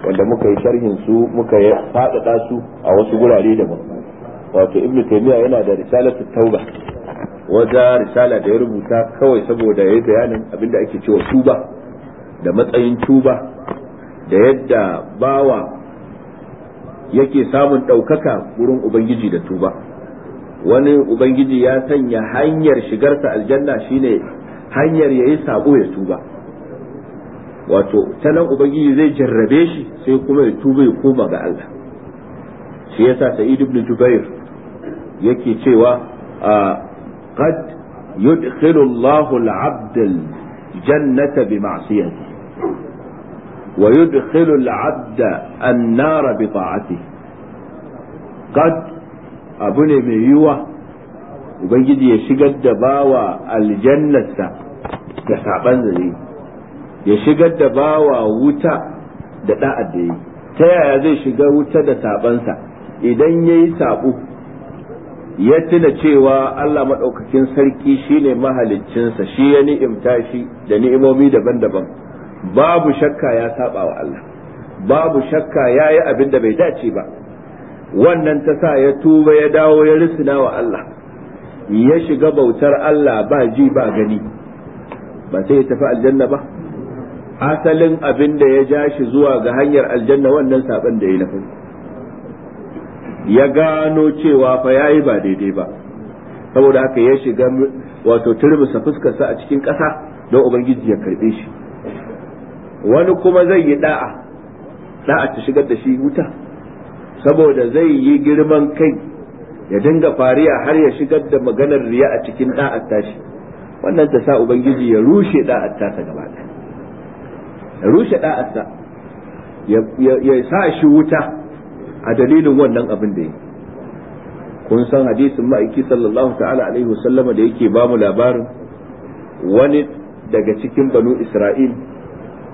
wanda muka yi sharhin su muka yi faɗaɗa su a wasu gurare daban wato ibn taymiya yana da risalatu tauba wata risala da ya rubuta kawai saboda ya yi bayanin da ake cewa tuba da matsayin tuba da yadda bawa yake samun ɗaukaka wurin ubangiji da tuba wani ubangiji ya sanya hanyar shigarsa aljanna shine hanyar ya yi sabo ya tuba wato tanan ubangiji zai jarrabe shi sai kuma ya tuba ya koma ga Allah shi yasa sa'id ibn jubair yake cewa qad yudkhilu Allahu al-'abd al-jannata bi ma'siyati wa yudkhilu al-'abd an-nar bi ta'ati qad abu ne mai yiwa ubangiji ya shigar da bawa aljannarsa da saban zai ya shigar da bawa wuta da da'ad da yi ta yaya zai shiga wuta da sabansa idan ya yi sabu ya tuna cewa Allah maɗaukakin sarki shi ne mahaliccinsa shi ya ni'imta shi da ni'imomi daban-daban babu shakka ya saba wa Allah babu shakka ya yi abin da bai dace ba wannan ta sa ya tuba ya dawo ya risina wa Allah ya shiga bautar Allah ba ji ba gani ba sai ya tafi aljanna ba asalin abin da ya ja shi zuwa ga hanyar aljanna wannan saban da ya na ya gano cewa fa ya yi ba daidai ba saboda haka ya shiga wato turbisa fuskarsa a cikin ƙasa don ubangiji ya karɓe shi wani kuma zai yi da'a da'a ta shigar da shi wuta saboda zai yi girman kai ya dinga fariya har ya shigar da maganar riya a cikin da'a tashi wannan ta sa ubangiji ya rushe da'a tasa gaba ɗaya rushe da'arsa ya sa shi wuta a dalilin wannan abin da yi kun san hadisin ma'aiki sallallahu ta'ala alaihi wasallama da yake ba mu labarin wani daga cikin banu isra'il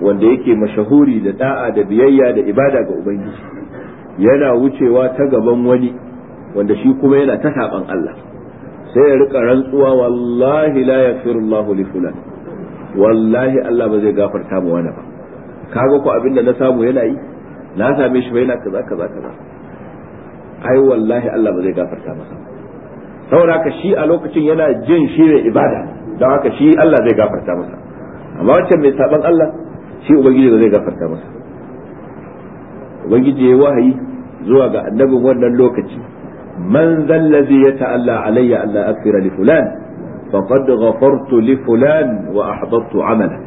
wanda yake mashahuri da da'a da biyayya da ibada ga ubangiji yana wucewa ta gaban wani wanda shi kuma yana ta saban Allah sai ya rika rantsuwa wallahi la yaghfirullahu li fulan wallahi Allah ba zai gafarta mu wani ba kaga ko abin da na samu yana yi na same shi yana kaza kaza kaza ai wallahi Allah ba zai gafarta masa saboda haka shi a lokacin yana jin shi ne ibada don haka shi Allah zai gafarta masa amma wancan mai saban Allah shi ubangiji zai gafarta masa ubangiji ya wahayi zuwa ga annabin wannan lokaci man zallazi ya ta'alla alayya Allah akfira li fulan faqad ghafartu li fulan wa ahdattu amalak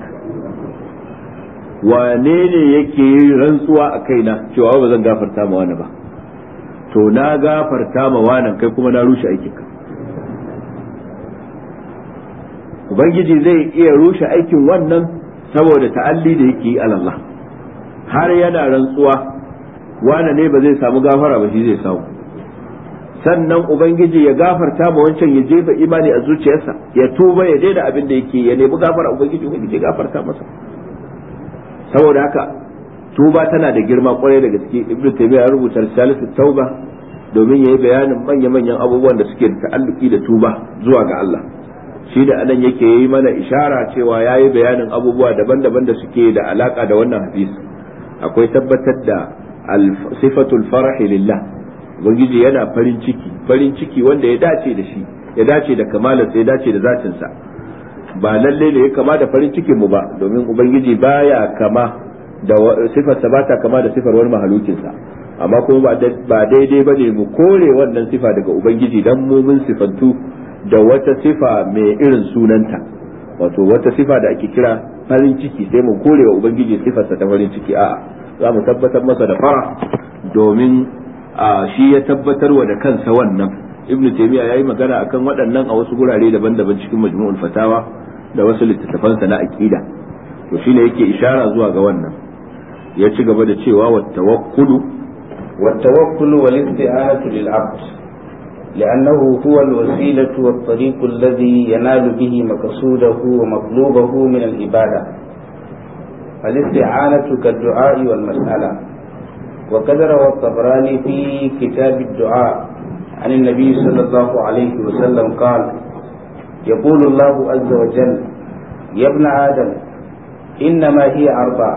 wane ne yake yin rantsuwa a kaina cewa ba zan gafarta ma wani ba to na gafarta ma wani kai kuma na rushe aikinka ubangiji zai iya rushe aikin wannan saboda ta'alli da yake yi lalla. har yana rantsuwa wane ne ba zai samu gafara ba shi zai samu sannan ubangiji ya gafarta ma wancan ya jefa imani a zuciyarsa ya tuba ya daina abin da yake ya nemi gafara ubangiji ubangiji gafarta masa saboda haka tuba tana da girma kwarai da gaske ibnu taymiya ya rubuta salisu tauba domin yayi bayanin manya-manyan abubuwan da suke da ta'alluki da tuba zuwa ga Allah shi da anan yake yi mana ishara cewa yayi bayanin abubuwa daban-daban da suke da alaka da wannan hadisi akwai tabbatar da sifatul farahi lillah ubangiji yana farin ciki farin ciki wanda ya dace da shi ya dace da kamalarsa ya dace da zatinsa ba lalle ne ya kama da farin cikin mu ba domin ubangiji baya kama da sifar bata kama da sifar wani mahalukin amma kuma ba daidai ba ne mu kore wannan sifa daga ubangiji dan mu mun sifantu da wata sifa mai irin sunanta wato wata sifa da ake kira farin ciki sai mu kore wa ubangiji sifarsa ta farin ciki a'a za mu tabbatar masa da fara domin shi ya tabbatar wa da kansa wannan ibn taymiya yayi magana akan waɗannan a wasu gurare daban-daban cikin majmu'ul fatawa da wasu littattafansa na aqida to shine yake ishara zuwa ga wannan ya ci gaba da cewa wa tawakkulu wa tawakkulu wal isti'anatu lil 'abd لأنه هو الوسيلة والطريق الذي ينال به مقصوده ومطلوبه من العبادة الاستعانة كالدعاء والمسألة وقد روى الطبراني في كتاب الدعاء عن النبي صلى الله عليه وسلم قال يقول الله عز وجل يا ابن آدم إنما هي أربع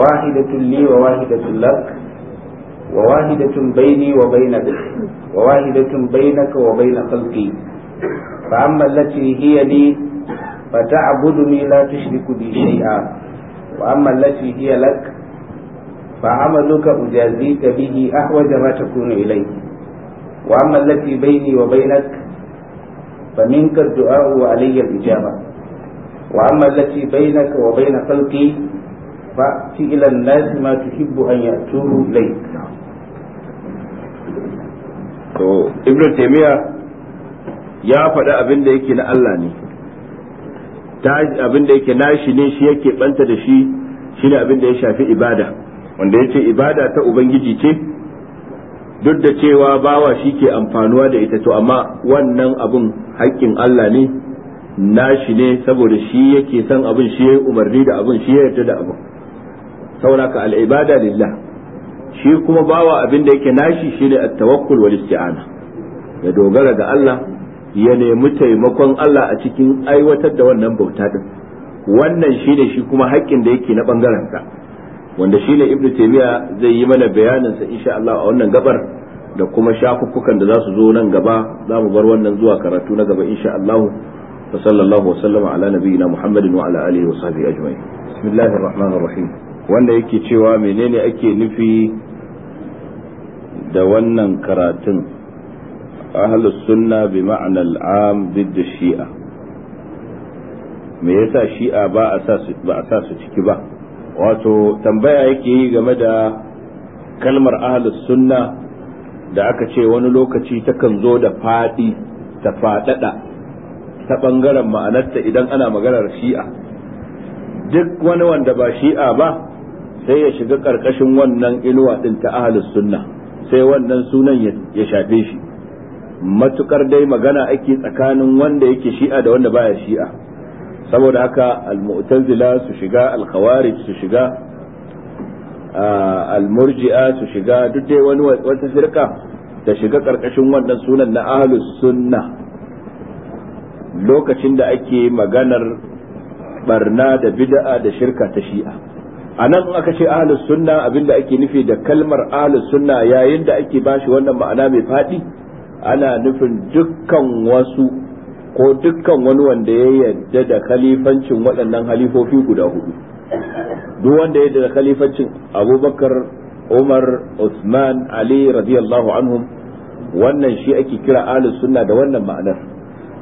واحدة لي وواحدة لك وواحدة بيني وبينك وواحدة بينك وبين خلقي فأما التي هي لي فتعبدني لا تشرك بي شيئا وأما التي هي لك فعملك أجازيك به أحوج ما تكون إليه وأما التي بيني وبينك فمنك الدعاء وعلي الإجابة وأما التي بينك وبين خلقي فأت إلى الناس ما تحب أن يأتوه إليك to ibn taymiya ya faɗi abinda yake na Allah ne abin da yake nashi ne shi yake banta da shi shine abin da ya shafi ibada wanda yace ibada ta ubangiji ce duk da cewa bawa shi ke amfanuwa da ita to amma wannan abun haƙƙin Allah ne nashi ne saboda shi yake son abin shi ya umarni da abin shi ya yarda da abin ka al'ibada lillah shi kuma bawa abin da yake nashi ne at-tawakkul wal isti'ana ya dogara ga Allah ya nemi taimakon Allah a cikin aiwatar da wannan bauta din wannan ne shi kuma haƙƙin da yake na bangaren ka. wanda shine ibnu taymiya zai yi mana bayanin sa insha Allah a wannan gabar da kuma shafuffukan da za su zo nan gaba za mu bar wannan zuwa karatu na gaba insha Allah wa sallallahu wa sallama ala nabiyyina Muhammadin wa ala alihi wa sahbihi ajma'in bismillahir rahmanir rahim wanda yake cewa menene ake nufi da wannan karatun ahlus sunna bi ma'na al'am bid shi'a me yasa shi'a ba a sa su ba a sa su ciki ba wato tambaya yake yi game da kalmar ahlus sunna da aka ce wani lokaci takan zo da faɗi ta faɗaɗa ta ɓangaren ma'anarta idan ana maganar shi'a duk wani wanda ba shi'a ba sai ya shiga ƙarƙashin wannan inuwa ɗin ta ahlus sunna sai wannan sunan ya shafe shi matukar dai magana ake tsakanin wanda yake shi'a da wanda baya shi'a saboda haka al-mu'tazila su shiga al-khawarij su shiga al-murji'a su shiga duk dai wani wata firka ta shiga karkashin wannan sunan na ahlus sunna lokacin da ake maganar barna da bid'a da shirka ta shi'a a nan aka ce ahlus sunna abinda ake nufi da kalmar ahlus sunna yayin da ake bashi wannan ma'ana mai faɗi ana nufin dukkan wasu ko dukkan wani wanda ya yarda da khalifancin waɗannan halifofi guda hudu duk wanda ya yarda da khalifancin abubakar umar usman ali radiyallahu anhum wannan shi ake kira ahlus sunna da wannan ma'anar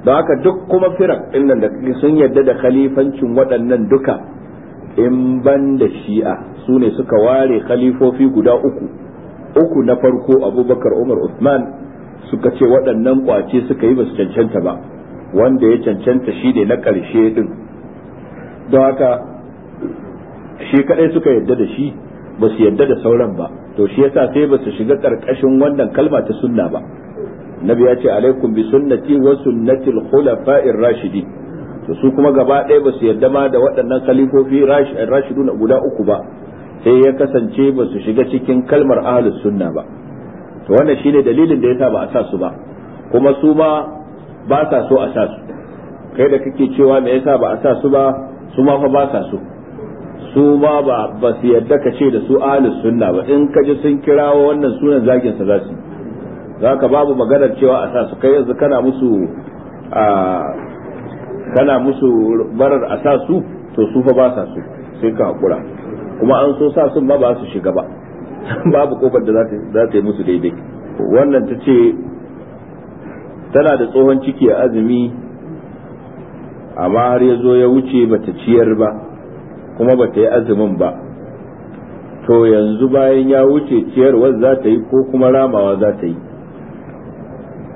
don haka duk kuma firak ɗinnan da sun yarda da khalifancin waɗannan duka in ban da shi'a su ne suka ware khalifofi guda uku uku na farko abubakar umar usman suka ce waɗannan kwace suka yi ba su cancanta ba wanda ya cancanta shi ne na ƙarshe din don haka shi kaɗai suka yadda da shi ba su yadda da sauran ba to shi yasa sai ba su shiga ƙarƙashin wannan kalma ta sunna ba nabi ya ce alaikum bi sunnati wa sunnati al-khulafa'ir Rashidi. to su kuma gaba ɗaya ba su yadda ma da waɗannan khalifofi Rashiduna guda uku ba sai ya kasance ba su shiga cikin kalmar ahlus sunna ba to wannan shine dalilin da yasa ba a sa su ba kuma su ma ba sa so a sa su kai da kake cewa me yasa ba a sa su ba su ma fa ba sa so su ma ba ba su yadda ka ce da su ahli sunna ba in ka ji sun kirawo wannan sunan zagin sa za su zaka babu maganar cewa a sa su kai yanzu kana musu kana musu barar a sa su to su fa ba sa su sai ka hakura kuma an so sa sun ma ba su shiga ba babu kofar da za ta yi musu daidai wannan ta ce tana da tsohon ciki a azumi amma har ya zo ya wuce bata ciyar ba kuma bata yi azumin ba to yanzu bayan ya wuce ciyarwar za ta yi ko kuma ramawa za ta yi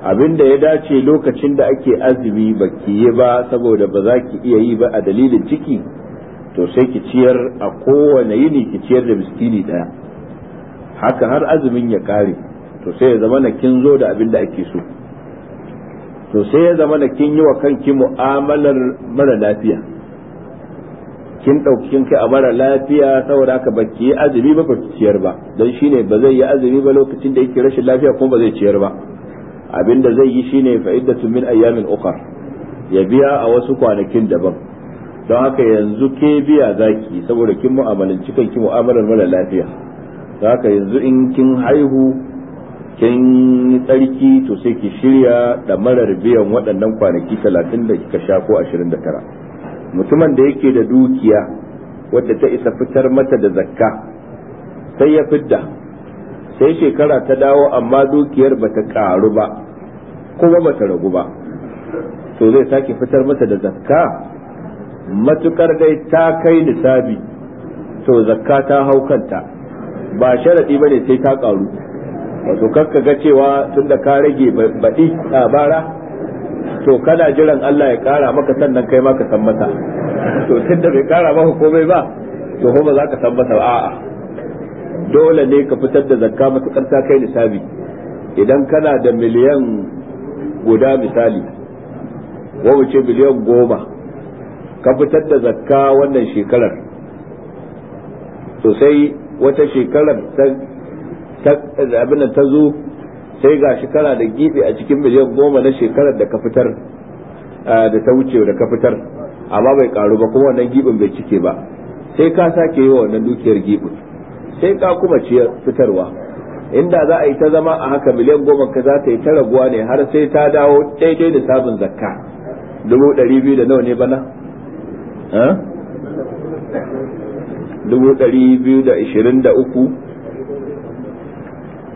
abin da ya dace lokacin da ake azumi ba ki yi ba saboda ba za ki iya yi ba a dalilin ciki to sai ki ciyar a kowane yini ki ciyar da miskini daya haka har azumin ya kare to sai ya zama na kin zo da abin da ake so to sai ya zama da kin yi wa kanki mu'amalar mara lafiya kin ɗauki kin kai a mara lafiya saboda haka ba ki azumi ba ba ciyar ba don shine ba zai yi azumi ba lokacin da yake rashin lafiya kuma ba zai ciyar ba abinda zai yi shine fa'iddatu min ayyamin ukhar ya biya a wasu kwanakin daban don haka yanzu ke biya zaki saboda kin mu'amalanci kanki mu'amalar mara lafiya don haka yanzu in kin haihu kin yi tsarki to sai ki shirya da marar biyan waɗannan kwanaki talatin da kika sha ko ashirin da tara mutumin da yake da dukiya wadda ta isa fitar mata da zakka sai ya fidda sai shekara ta dawo amma dukiyar ba ta ƙaru ba kuma ba ta ragu ba to zai sake fitar mata da zakka matukar dai ta kai nisabi to zakka ta hau kanta ba sharaɗi ba ne sai ta ƙaru wato kakka ga cewa tun da ka rage baɗi a bara to kana jiran Allah ya kara maka sannan kai ma ka san masa to da bai kara maka komai ba to ko ba za ka san masa a'a dole ne ka fitar da zakka matukar ta kai nisabi idan kana da miliyan guda misali ko mu miliyan goma ka fitar da zakka wannan shekarar to sai wata shekarar abin ta zo sai ga shekara da gibi a cikin miliyan goma na shekarar da ka fitar da ta wuce da ka fitar amma bai karu ba kuma wannan gibin bai cike ba sai ka sake yi wa wannan dukiyar gibin sai ka kuma ciyar fitarwa inda za a yi ta zama a haka miliyan goma ka za ta yi ta raguwa ne har sai ta dawo daidai da sabon zakka dubu ɗari biyu da nawa ne bana dubu ɗari biyu da ishirin da uku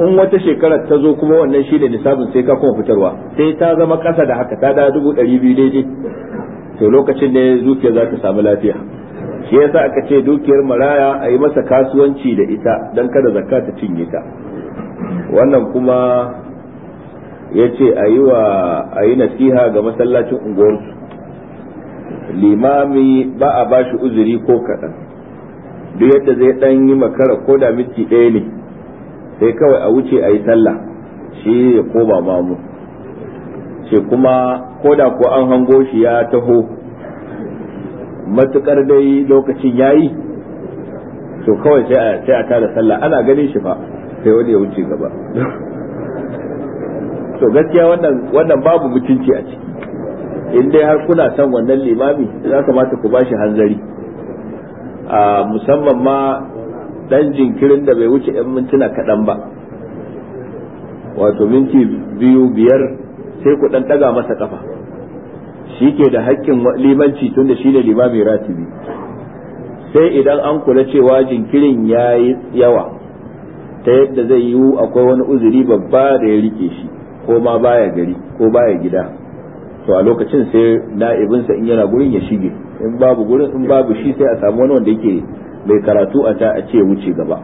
in wata shekarar ta zo kuma wannan shi da nisabin sai ka kuma fitarwa sai ta zama ƙasa da haka ta da dubu ɗari biyu daidai to lokacin ne zuciya za ta samu lafiya shi yasa aka ce dukiyar maraya a yi masa kasuwanci da ita don kada zakka ta cinye ta wannan kuma ya ce a yi wa a yi nasiha ga masallacin unguwarsu limami ba a bashi uzuri ko kaɗan duk yadda zai ɗan yi makara ko da minti ɗaya ne sai kawai a wuce a yi sallah shi ya koma mamu ce kuma ko da ko an hango shi ya taho matukar dai lokacin ya yi to kawai sai a tara sallah ana ganin shi fa sai wani ya wuce gaba to gaskiya wannan babu mutunci a ciki in dai har kuna son wannan limami za kamata ku shi hanzari a musamman ma dan jinkirin da bai wuce 'yan mintuna kaɗan ba wato minti biyu biyar sai ku ɗan ɗaga masa ƙafa shi ke da haƙƙin limanci tun da shi ne limami ratibi sai idan an kula cewa jinkirin ya yi yawa ta yadda zai yiwu akwai wani uzuri babba da ya rike shi ko ma baya gari ko baya gida to a lokacin sai na'ibinsa in yana gurin ya shige in babu gurin in babu shi sai a samu wani wanda yake mai karatu a ta a ce wuce gaba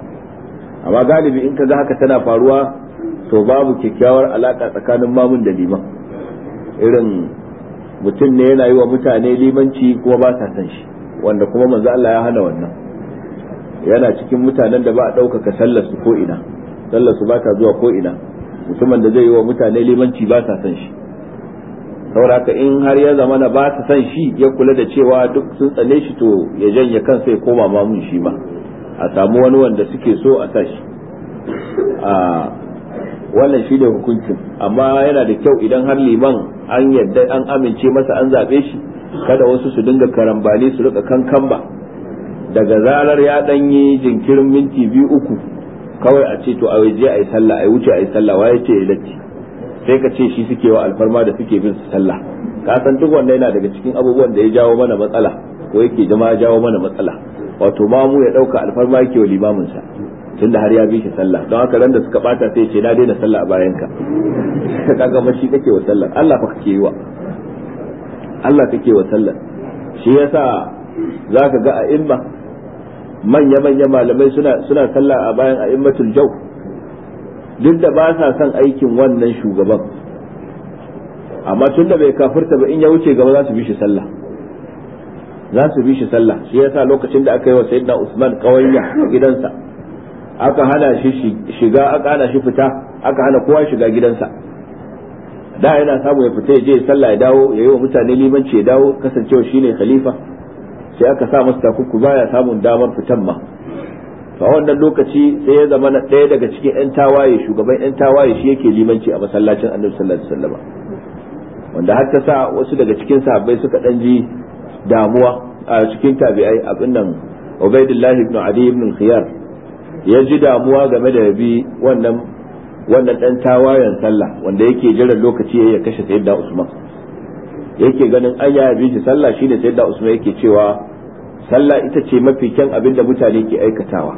amma galibi in ka ga haka tana faruwa to babu kyakkyawar alaka tsakanin mamun da liman irin mutum ne yana yi wa mutane limanci kuma ba sa san shi wanda kuma manzo Allah ya hana wannan yana cikin mutanen da ba a ɗaukaka sallar su ko ina sallar su ba ta zuwa ko ina mutumin da zai yi wa mutane limanci ba sa san shi saboda in har ya zama na ba ta san shi ya kula da cewa duk sun tsane shi to ya janye kansa ya koma mun shi ma a samu wani wanda suke so a sa a wannan shi ne hukuncin amma yana da kyau idan har liman an yadda an amince masa an zaɓe shi kada wasu su dinga karambali su rika kankan ba daga zarar ya yi jinkirin minti biyu uku kawai a ce to a waje a yi sallah a wuce a yi sallah ya ce ya latti sai ka ce shi suke wa alfarma da suke bin su sallah ka san duk wanda yana daga cikin abubuwan da ya jawo mana matsala ko yake jama jawo mana matsala wato mamu ya dauka alfarma yake wa limamin sa tunda har ya bi shi sallah don haka ran da suka bata sai ce na daina sallah a bayan ka kaga ma shi kake wa sallah Allah fa kake wa Allah kake wa sallah shi yasa zaka ga a imma manya manya malamai suna suna sallah a bayan a'immatul jawf duk da ba sa son aikin wannan shugaban amma tun da bai kafirta ba in ya wuce gaba za su bi shi sallah za su bi shi sallah shi yasa lokacin da aka yi wa sayyidina Usman kawanya a gidansa aka hana shi shiga aka hana shi fita aka hana kowa shiga gidansa da yana samu ya fita ya je sallah ya dawo ya yi wa mutane limanci ya dawo kasancewa shine khalifa sai aka sa masa takukku baya samun damar fitan ma to wannan lokaci sai ya zama ɗaya daga cikin 'yan tawaye shugaban 'yan tawaye shi yake limanci a masallacin annabi sallallahu alaihi wasallam wanda har ta sa wasu daga cikin sahabbai suka ɗan ji damuwa a cikin tabi'ai abin nan ubaidillah ibn ali ibn khiyar ya ji damuwa game da bi wannan wannan dan tawayen sallah wanda yake jiran lokaci ya kashe Sayyida usman yake ganin an ya Sallah shi sallah shine usman yake cewa sallah ita ce mafi kyan abin da mutane ke aikatawa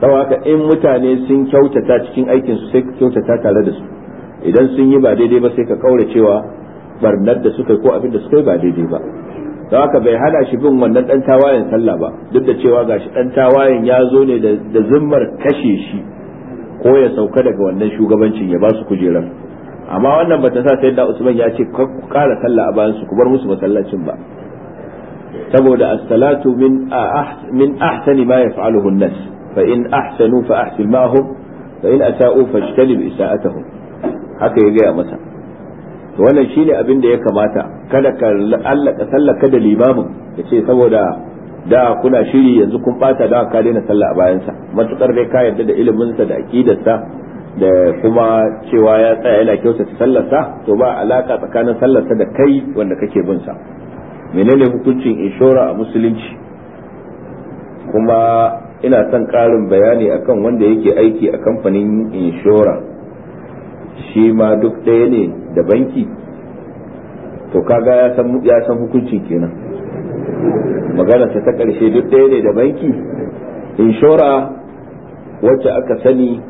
don haka in mutane sun kyautata cikin aikin su sai ka kyautata tare da su idan sun yi ba daidai ba sai ka kaura cewa barnar da suka yi ko abin da suka yi ba daidai ba don haka bai hana shi bin wannan dan tawayen sallah ba duk da cewa gashi dan tawayen ya zo ne da zimmar kashe shi ko ya sauka daga wannan shugabancin ya ba su kujerar amma wannan bata sa sai da usman ya ce ku kara sallah a bayan su ku bar musu masallacin ba saboda as-salatu min min ahsani ma yaf'aluhu an-nas fa in ahsanu fa ahsin ma'ahum fa in asa'u fajtanib isa'atahum haka ya gaya masa to wannan shine abin da ya kamata kada ka allaka sallaka da limamin yace saboda da kuna shiri yanzu kun bata da ka daina sallah a bayansa matukar dai ka yarda da iliminsa da aqidarsa da kuma cewa ya tsaya yana kyautata sallarsa to ba alaka tsakanin sallarsa da kai wanda kake bin sa menene hukuncin inshora a musulunci kuma ina son ƙarin bayani akan wanda yake aiki a kamfanin inshora shi ma duk ɗaya ne da banki to kaga ya san hukuncin kenan maganarsa ta ƙarshe duk ɗaya ne da banki inshora wacce aka sani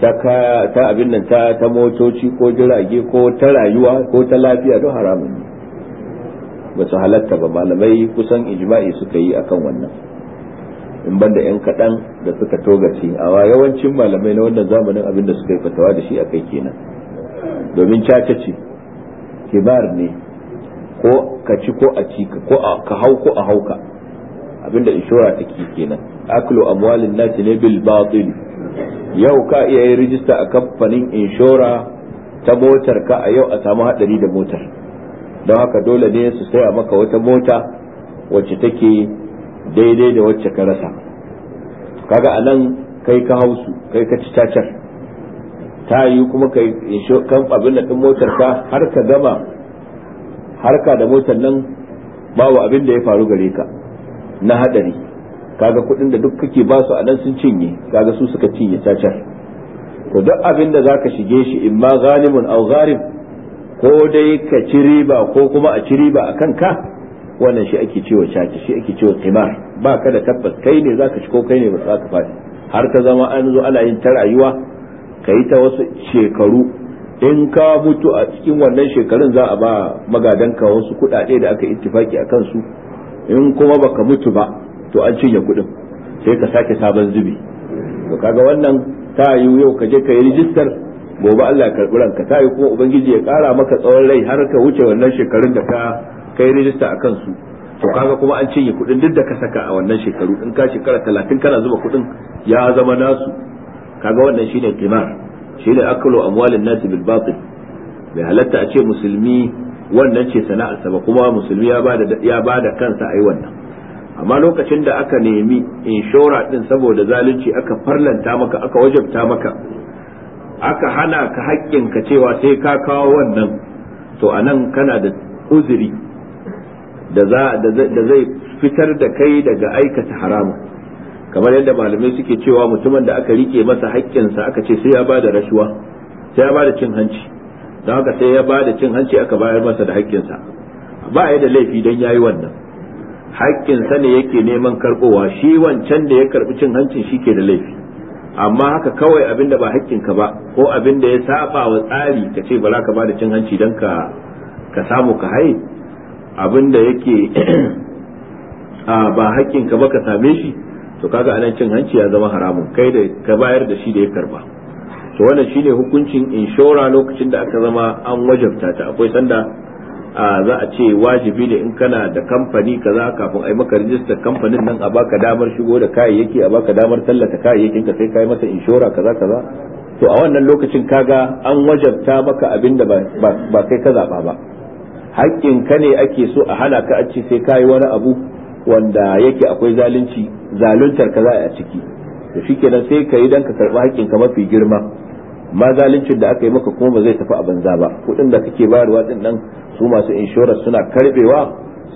ta abin nan ta motoci ko jirage ko ta rayuwa ko ta lafiya don haramun ba su halatta ba malamai kusan ijma'i suka yi akan wannan in ban da yan kaɗan da suka togaci amma yawancin malamai na wannan zamanin abin da suka yi fatawa da shi a kai kenan domin caca ce kibar ne ko ka ci ko a ci ko ka hau ko a hauka abinda inshora take kenan aklu amwalin nasi ne bil batil yau ka iya yi rijista a kamfanin inshora ta motar ka a yau a samu hadari da motar don haka dole ne su saya maka wata mota wacce take daidai da wacce ka rasa kaga a nan kai ka hausu kai ka ci cacar ta yi kuma ka yi kan abin da ɗin motar ka har ka gama harka da motar nan babu abin da ya faru gare ka na hadari kaga kuɗin da duk kake ba su a nan sun cinye kaga su suka cinye cacar to duk abin da za ka shige shi in ma zalimun au gharib ko dai ka ci riba ko kuma a ci riba a kanka wannan shi ake cewa caci shi ake cewa qimar ba ka da tabbas kai ne zaka ci ko kai ne ba za ka har ka zama an zo ana yin ta rayuwa ka ta wasu shekaru in ka mutu a cikin wannan shekarun za a ba magadanka wasu kuɗaɗe da aka ittifaki a kansu in kuma baka mutu ba to an cinye kuɗin sai ka sake sabon zubi to kaga wannan ta yiwu yau ka je ka yi rijistar gobe Allah ya karbi ranka ta yi kuma ubangiji ya kara maka tsawon rai har ka wuce wannan shekarun da ka kai rijista a kansu to kaga kuma an cinye kuɗin duk da ka saka a wannan shekaru in ka shekara talatin kana zuba kuɗin ya zama nasu kaga wannan shine kimar shine akalu amwalin nasi bil batil bai halatta a ce musulmi wannan ce sana'ar sa ba kuma musulmi ya bada ya bada kansa ai wannan amma lokacin da aka nemi inshora din saboda zalunci aka farlanta maka aka wajabta maka aka hana ka haƙƙinka cewa sai ka kawo wannan to a nan kana da uzuri da zai fitar da kai daga aikata haramu. kamar yadda malamai suke cewa mutumin da aka rike masa haƙƙinsa aka ce sai ya ba da rashuwa sai ya ba da cin hanci don haka sai ya ba da cin hanci aka bayar masa da haƙƙinsa ba ya da laifi don ya yi wannan haƙƙinsa ne yake neman karɓowa shi wancan da ya karɓi cin hancin shi ke da laifi amma haka kawai abin da ba ka ba ko abin da ya saba wa tsari ka ce ba za ka bada cin hanci don ka samu ka haye abin da yake ba ka ba ka same shi to kaga anan cin hanci ya zama haramun kai da ka bayar da shi da ya karba to wannan shine hukuncin inshora lokacin da aka zama an wajabta ta akwai sanda za a ce wajibi ne in kana da kamfani kaza kafin a yi maka rijistar kamfanin nan a baka damar shigo da kayayyaki a baka damar tallata kayayyakin ka sai kai masa inshora kaza kaza to a wannan lokacin kaga an wajabta maka abin da ba kai ka zaba ba haƙƙin ka ne ake so a hana ka a ce sai ka yi wani abu wanda yake akwai zalunci zaluntar ka za a ciki to shikenan sai ka yi dan ka karɓi haƙƙin ka mafi girma ma zaluncin da aka yi maka kuma ba zai tafi a banza ba kuɗin da kake bayarwa din nan su masu inshorar suna karbewa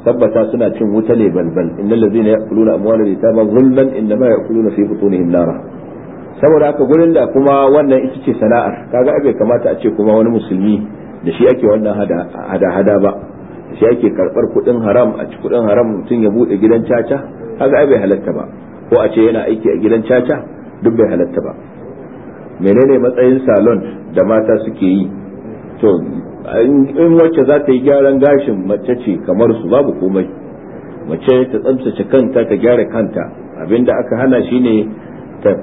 tabbata suna cin wuta ne balbal innal ladzina yaquluna amwalal yatama zulman ma yaquluna fi butunihim nara saboda haka gurin da kuma wannan ita ce sana'ar kaga abe kamata a ce kuma wani musulmi da shi ake wannan hada hada ba da shi ake karbar kuɗin haram a ci kuɗin haram mutum ya bude gidan caca kaga abe halatta ba ko a ce yana aiki a gidan caca duk bai halatta ba menene matsayin salon da mata suke yi to in wacce za ta yi gyaran gashin mace ce kamar su babu komai mace ta tsamsace kanta ta gyara kanta abinda aka hana shi ne ta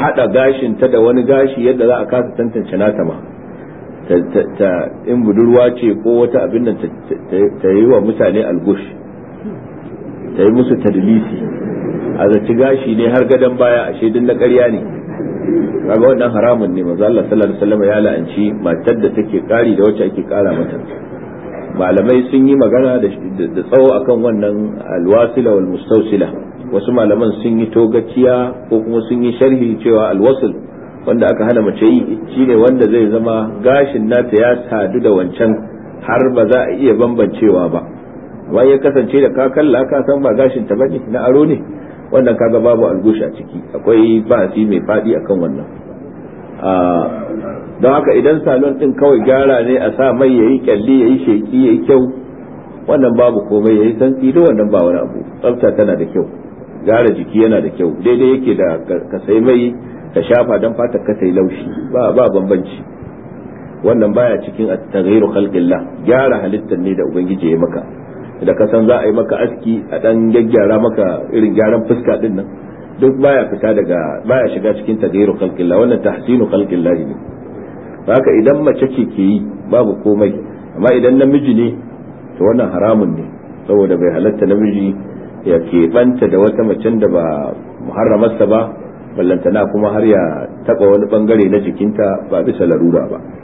hada gashin ta da wani gashi yadda za a kasa tantance nata ma ta in budurwa ce ko wata abin nan ta yi wa mutane algush ta yi musu tadlisi a zaci gashi ne har gadon baya ashe duk na karya ne kaga wannan haramun ne manzo Allah sallallahu alaihi wasallam ya la'anci matar da take kari da wacce ake kara mata malamai sun yi magana da tsawo akan wannan alwasila wal mustawsila wasu malaman sun yi togaciya ko kuma sun yi sharhi cewa alwasil wanda aka hana mace yi shine wanda zai zama gashin nata ya sadu da wancan har ba za a iya bambancewa ba wai ya kasance da ka kalla ka san ba gashin ta bane na aro ne wannan kaga babu algush a ciki akwai bahasi mai fadi akan wannan ah, don haka idan salon din kawai gyara ne a sa mai yayi kyalli yayi sheki yayi kyau wannan babu komai yayi santsi da wannan ba wani abu tsafta tana da kyau gyara jiki yana da kyau daidai yake da ka sai mai ka shafa don fata ka sai laushi ba ba bambanci wannan baya cikin at-taghyiru khalqillah gyara halittar ne da ubangiji ya maka da ka san za a yi maka aski a dan gyaggyara maka irin gyaran fuska din nan duk baya fita daga baya shiga cikin tadhiru khalqillah wannan tahsinu khalqillah ne haka idan mace ce ke yi babu komai amma idan namiji ne to wannan haramun ne saboda bai halatta namiji ya ke banta da wata macen da ba muharramarsa ba ballantana kuma har ya taɓa wani ɓangare na jikinta ba bisa larura ba